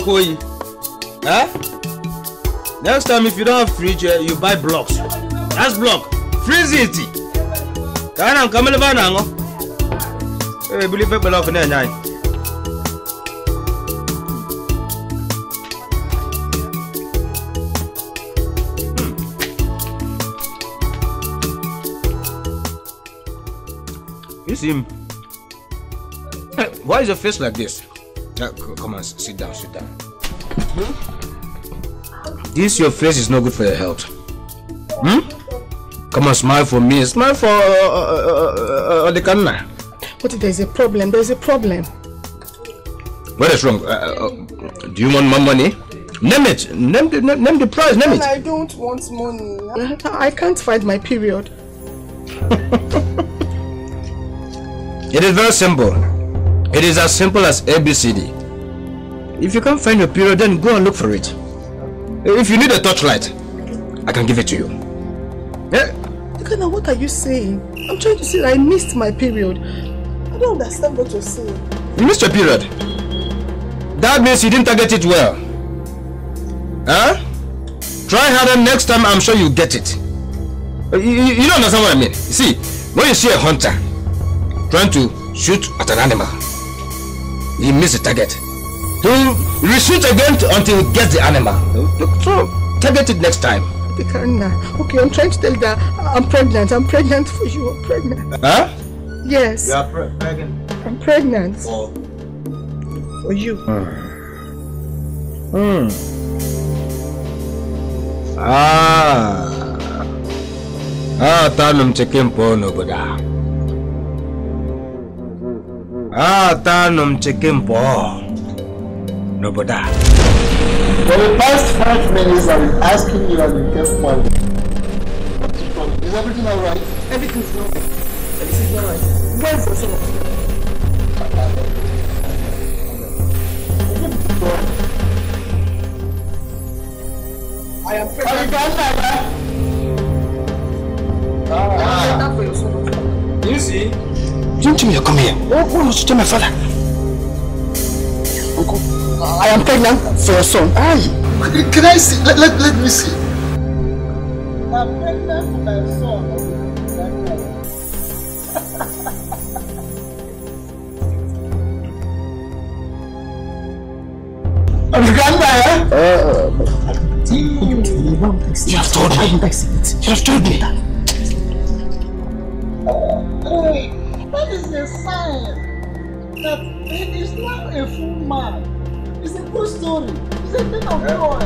oko yìí eh? next time if you don fridge uh, you buy blocks that's block freeze it kana nkamele bana ngo ebili pe block ne nyai You see him? Eh, why is your face like this? come on, sit down, sit down. Hmm? This your face is not good for your health. Hmm? Come on, smile for me. Smile for uh, uh, uh But there's a problem. There's a problem. What is wrong? do you want more money? Name it. Name the, name, name the price. Name and it. I don't want money. I can't find my period. it is very simple. It is as simple as ABCD. If you can't find your period, then go and look for it. If you need a torchlight, I can give it to you. Yeah? what are you saying? I'm trying to say I missed my period. I don't understand what you're saying. You missed your period? That means you didn't target it well. Huh? Try harder next time, I'm sure you will get it. you, you don't understand what I mean. See, when you see a hunter trying to shoot at an animal, he missed the target. He reshoot again until he gets the animal. Doctor, target it next time. Ah. Okay, I'm trying to tell that I'm pregnant. I'm pregnant for you. I'm pregnant. Huh? Yes. You are pre pregnant. I'm pregnant. For? For you. Hmm. Mm. Ah. Ah, tanum chicken pono, but ah. chicken po. No ನೋಡ್ಬೋಟ For the past five minutes, I've been asking you and you kept smiling. What's the Is everything alright? Everything's alright. Everything's alright. Where's the son of I am pregnant. Ah. Ah. Ah. You see? Don't you come here? What will you tell my father? Uncle, I am pregnant for your son. Aye. Can I see? Let, let, let me see. I'm pregnant for my son. Uganda, eh? Uh, you have told me. You have told me. Uh, That is a sign that it is not a full man. It's a good story. It's a bit of joy.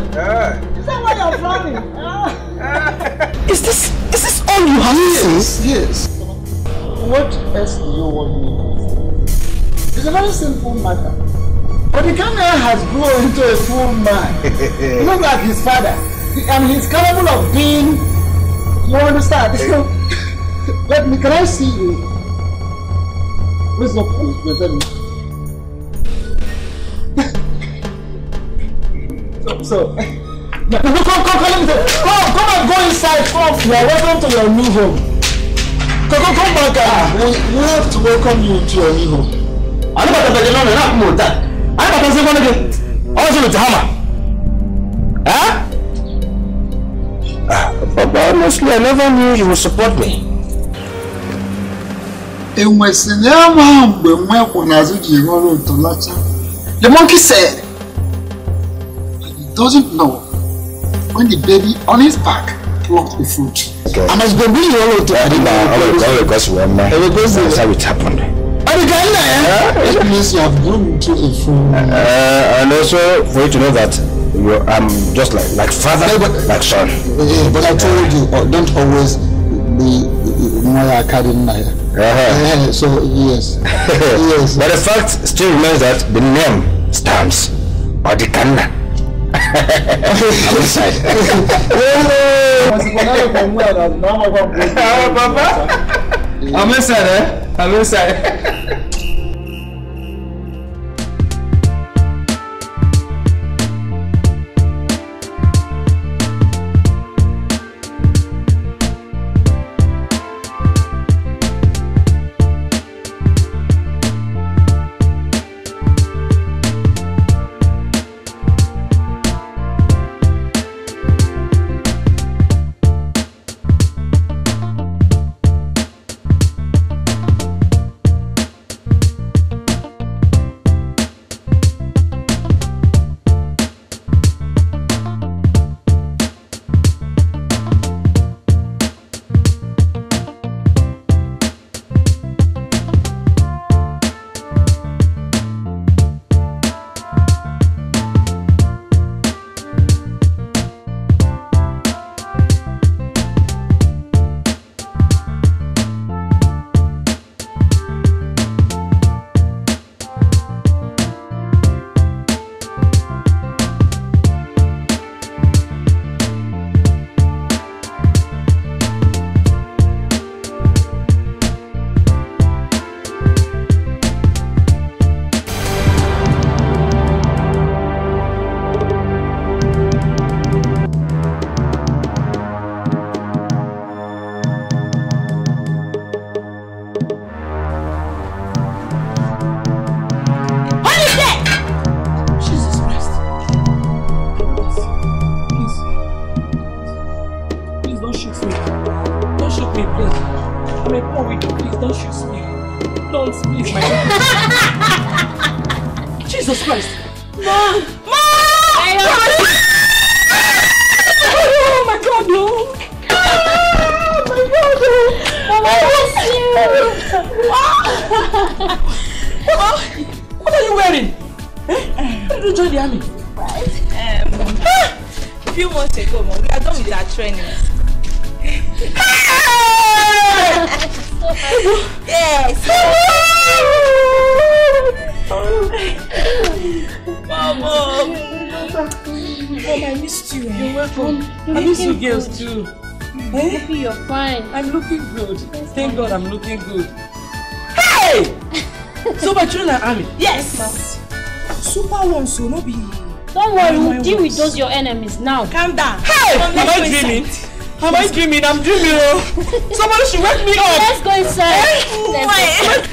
Is that why you're running? Ah. is this is this all you have? Yes, yes. What else do you want me to do? It's a very simple matter. But the camera has grown into a full man. Look like his father. And he's capable of being you understand? Let me, can I see you? based on what you so, so now, come, come, come, let me tell Come, come and go inside. Come, you are welcome to your new home. Come, come, come back. Ah, we, we have to welcome you to your new home. I don't know what I'm not more that. I don't know what I'm saying. Also, with hammer. Huh? Ah, Baba, honestly, I never knew you would support me enwesịrị ama ha mgbe nwa ekwunazụ ji ghọrọ ụtọ lacha The monkey said that he doesn't know when the baby on his back plucked the fruit. Okay. And as the baby ghọrọ ụtọ adịghị ọrụ. Ewegozi. That's how it happened. That means you have grown a fool. Uh, and also for you to know that you, I'm um, just like like father, no, but, like son. Yeah, but I told yeah. you, uh, don't always be Mwaya academic. Uh-huh. so yes. yes. But the fact still remains that the name stands. Odikana. I'm inside. I'm inside, eh? I'm inside. I'm looking good. Hey! so my children are army? Yes! Super one, so no be... Don't worry, we'll deal with those your enemies now. Calm down. Hey! Am I dreaming? Am I dreaming? I'm dreaming. oh! Somebody should wake me up. Let's go inside. Let's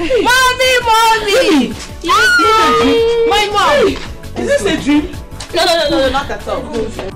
Wait. Go. mommy, mommy. Yes, ah, my mom. Is this a dream? No, no, no, no, no not at all.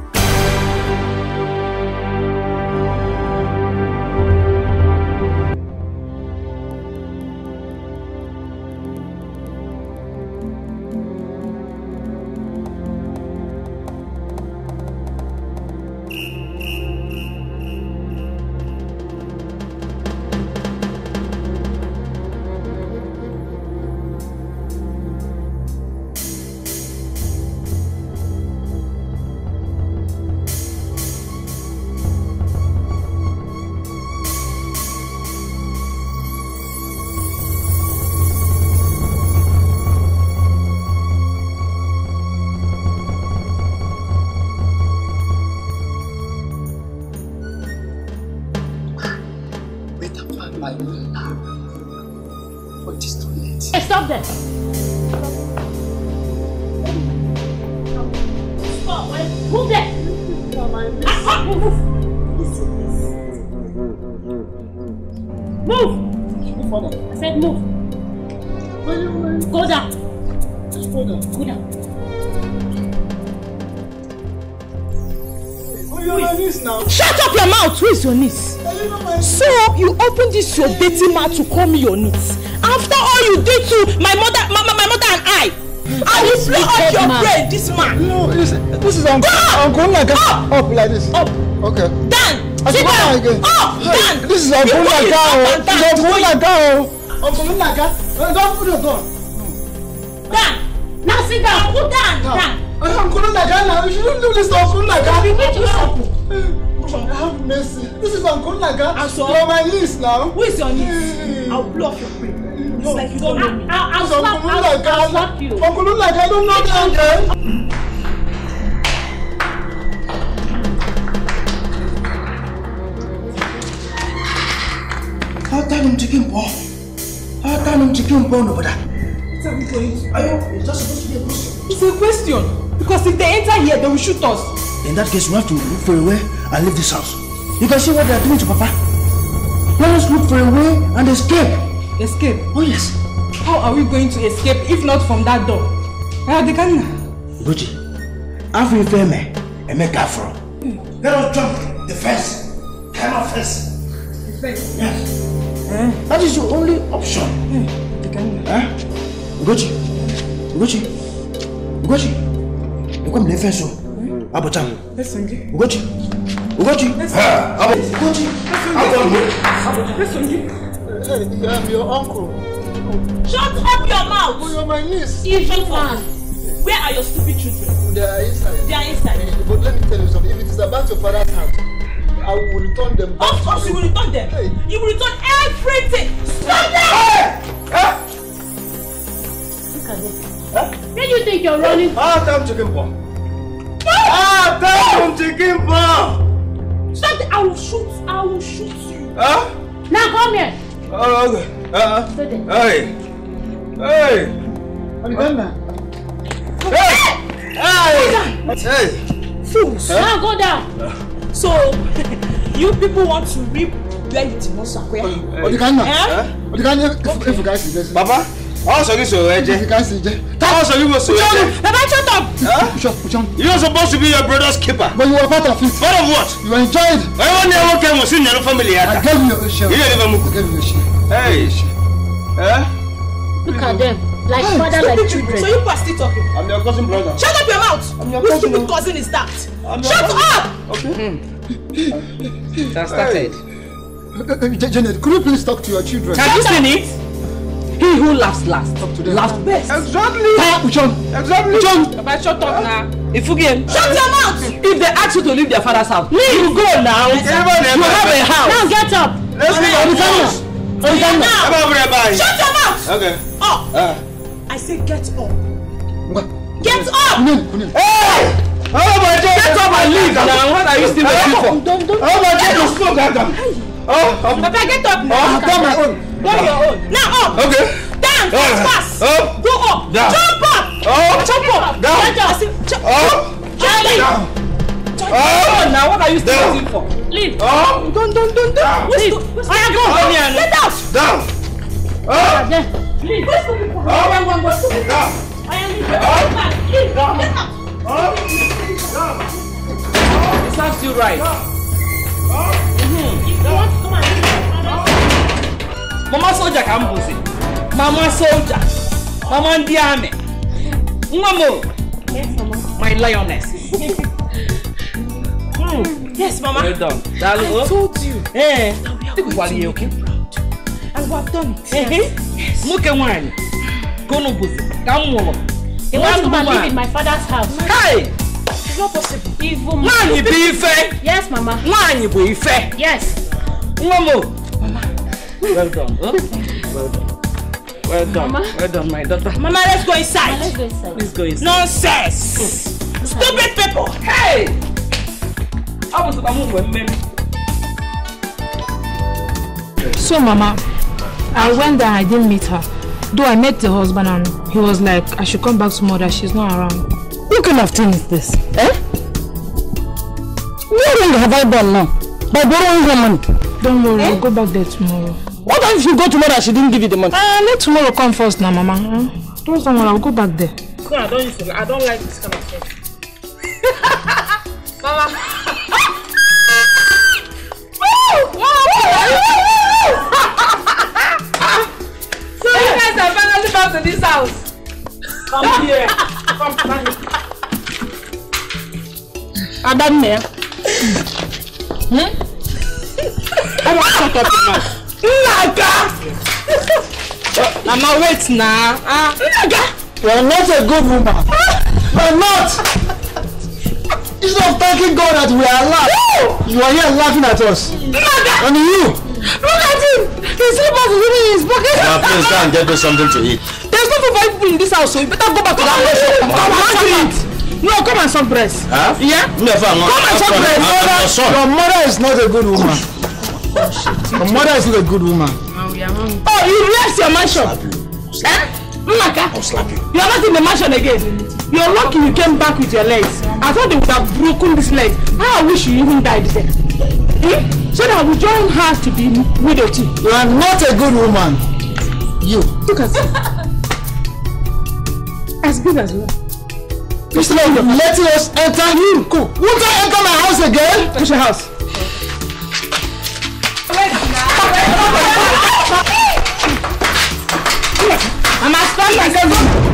niece. So you open this your dating mouth to call me your niece. After all you did to my mother, my, my mother and I. I will blow up your man. brain, this man. No, listen, this is uncle. Uncle, like up. up like this. Up. Okay. Dan. I sit down. Up. Dan. this is uncle like that. This is uncle like Uncle like Don't put your gun. Dan. Now sit down. Put down. Dan. Uncle like now. You shouldn't do this to uncle need like that. Have mercy. This is Uncle Naga. As for You're my niece now. Who is your niece? Mm-hmm. I'll blow up your brain. No, it's like you don't know me. I'll, I'll, slap, I'll, Naga. I'll slap you. Uncle Naga, I don't know that again. Atanum chicken ball. Atanum chicken ball over there. It's a question. Are you just supposed to question? It's a question. Because if they enter here, they will shoot us. In that case, we have to look for a way and leave this house. You can see what they are doing to Papa. Let us look for a way and escape. Escape? Oh, yes. How are we going to escape if not from that door? Where Radikana. Buchi, after you fail me, I make a fro. Hmm. Let us jump the fence. Climb up fence. The fence? Yes. Eh? That is your only option. Radikana. Hmm. Eh? Buchi, Buchi, Buchi, you come to the fence. Oh. Hmm? Abutam. Yes, Sanji. Buchi. Ugochi! Abo! Ugochi! Abo! I'm your uncle. Shut up your mouth! Oh, you're my niece. Evil man! Where are your stupid children? They are inside. They are inside. But let me tell you something. If it is about your father's house, I will return them back. Of course you will return them. Hey. You will return everything. Stop them! Hey! Huh? Look at this. Huh? Where do you think you're running? Ah, time chicken bomb. Ah, time chicken bomb! stop it. I will shoot. I will shoot you. Huh? Now come here. Oh, okay. Uh, uh-huh. Stay there. Hey. Hey. Remember. Hey. Hey. Hey. hey. Fools. Huh? Now go down. Uh. So, you people want to reap where you did not acquire. Odikanya. Eh? Odikanya. If you guys invest. Baba ọ sọ ní sọ̀rọ̀ ẹ jẹ́ ọ sọ ní mo sọ̀rọ̀ ẹ jẹ́. baba shut up. you are supposed to be your brother's keeper. but you were part of it. part of what. you enjoyed. ẹ̀wọ́n ní ẹ̀wọ́n kẹ́hìn sí ìnáwó family yàtà. I gave you your share. ilé ìlú mọ̀kù. I gave your share. Hey. Eh? Look at them. Like father, like children. So you are still talking? I'm your cousin brother. Shut up your mouth! I'm your Which cousin. stupid oh. cousin is that? I'm Shut cousin. up! Okay. Mm. That started. Hey. Janet, could you please talk to your children? Can you see it? who laughs last laughs best. exactly tire ah, john exactly john. baba shut up na ifuge. shut your mouth. if they ask you to leave their father's house. leave you go now. you have a house. now get up. let's go on Ozana. Ebe obere bayi. Shut your mouth. Okay. Oh. Uh. I say get up. What? Get up. No, Hey! Oh my God! Get up and leave now. What are you still waiting for? Don't, don't. Oh my God! You smoke, Adam. Oh, Papa, get up now. Oh, I've done my own. Done your own. Now up. Okay down, go fast, oh. go up, jump oh. oh. up, jump up, down, jump up, jump up. Oh, now what are you still waiting for? Leave. Oh, don't, don't, don't, don't. Leave. I am going. Get out. Down. Oh, leave. Where's the people? Oh, I am going. I am leaving. Oh, leave. Get out. Oh, it serves you right. Mm-hmm. If you want to come and Mama soldier can boost it. Mama soldier. Mama in the army. Momo. Yes, Mama. My lioness. mm. Yes, Mama. Well done. Dalo. I told you. Eh. That we are Think going to make okay? proud. And we have done it. Eh, eh? Yes. yes. yes. Look at one. Go no boozy. Come on. They want to come and live in my father's house. Hey! It's not possible. Evil man. Man, you be fair. Yes, Mama. Man, you be fair. Yes. Momo. Mama. Well done. Huh? Well done. Well done. Mama. Well done, my daughter. Mama, let's go inside. Mama, let's go inside. Let's go inside. Nonsense! Mm. Stupid people! Hey! so mama, I went there I didn't meet her. Though I met the husband and he was like, I should come back to mother, she's not around. What kind of thing is this? Eh? Where have I been now? By borrowing her money? Don't worry, eh? I'll go back there tomorrow. What if you go tomorrow and she didn't give you the money? Uh, let tomorrow come first now, Mama. Huh? Don't worry, I'll go back there. No, I don't listen. I don't like this kind of thing. Mama. so you guys are finally back to this house. Come here. Come, come here. Adam, there. Eh? Hmm? I want to shut up your mouth. Nnaga! Mama, wait now. Ah. Nnaga! You're not a good woman. You're not. Instead of thanking God that we are alive, you are here laughing at us. Nnaga! And you! Look at him! His slippers is even in his pocket. Now, please go and get me something to eat. There's no food for people in this house, so you better go back to that house. Come on, come on. No, come and suck breast. Huh? Yeah? No, come and suck breast. Your mother is not a good woman. Your mother is not a good woman. Oh, you left your mansion. Eh? Mmaka, you are not in the mansion again. You are lucky you came back with your legs. I thought they would have broken this leg. I wish you even died there. Eh? So that we join hands to be widow too. You are not a good woman. You. Look at you. as good as well. Mr. like letting us enter you. Cool. Won't I enter my house again? What's your house? Mama, stop myself.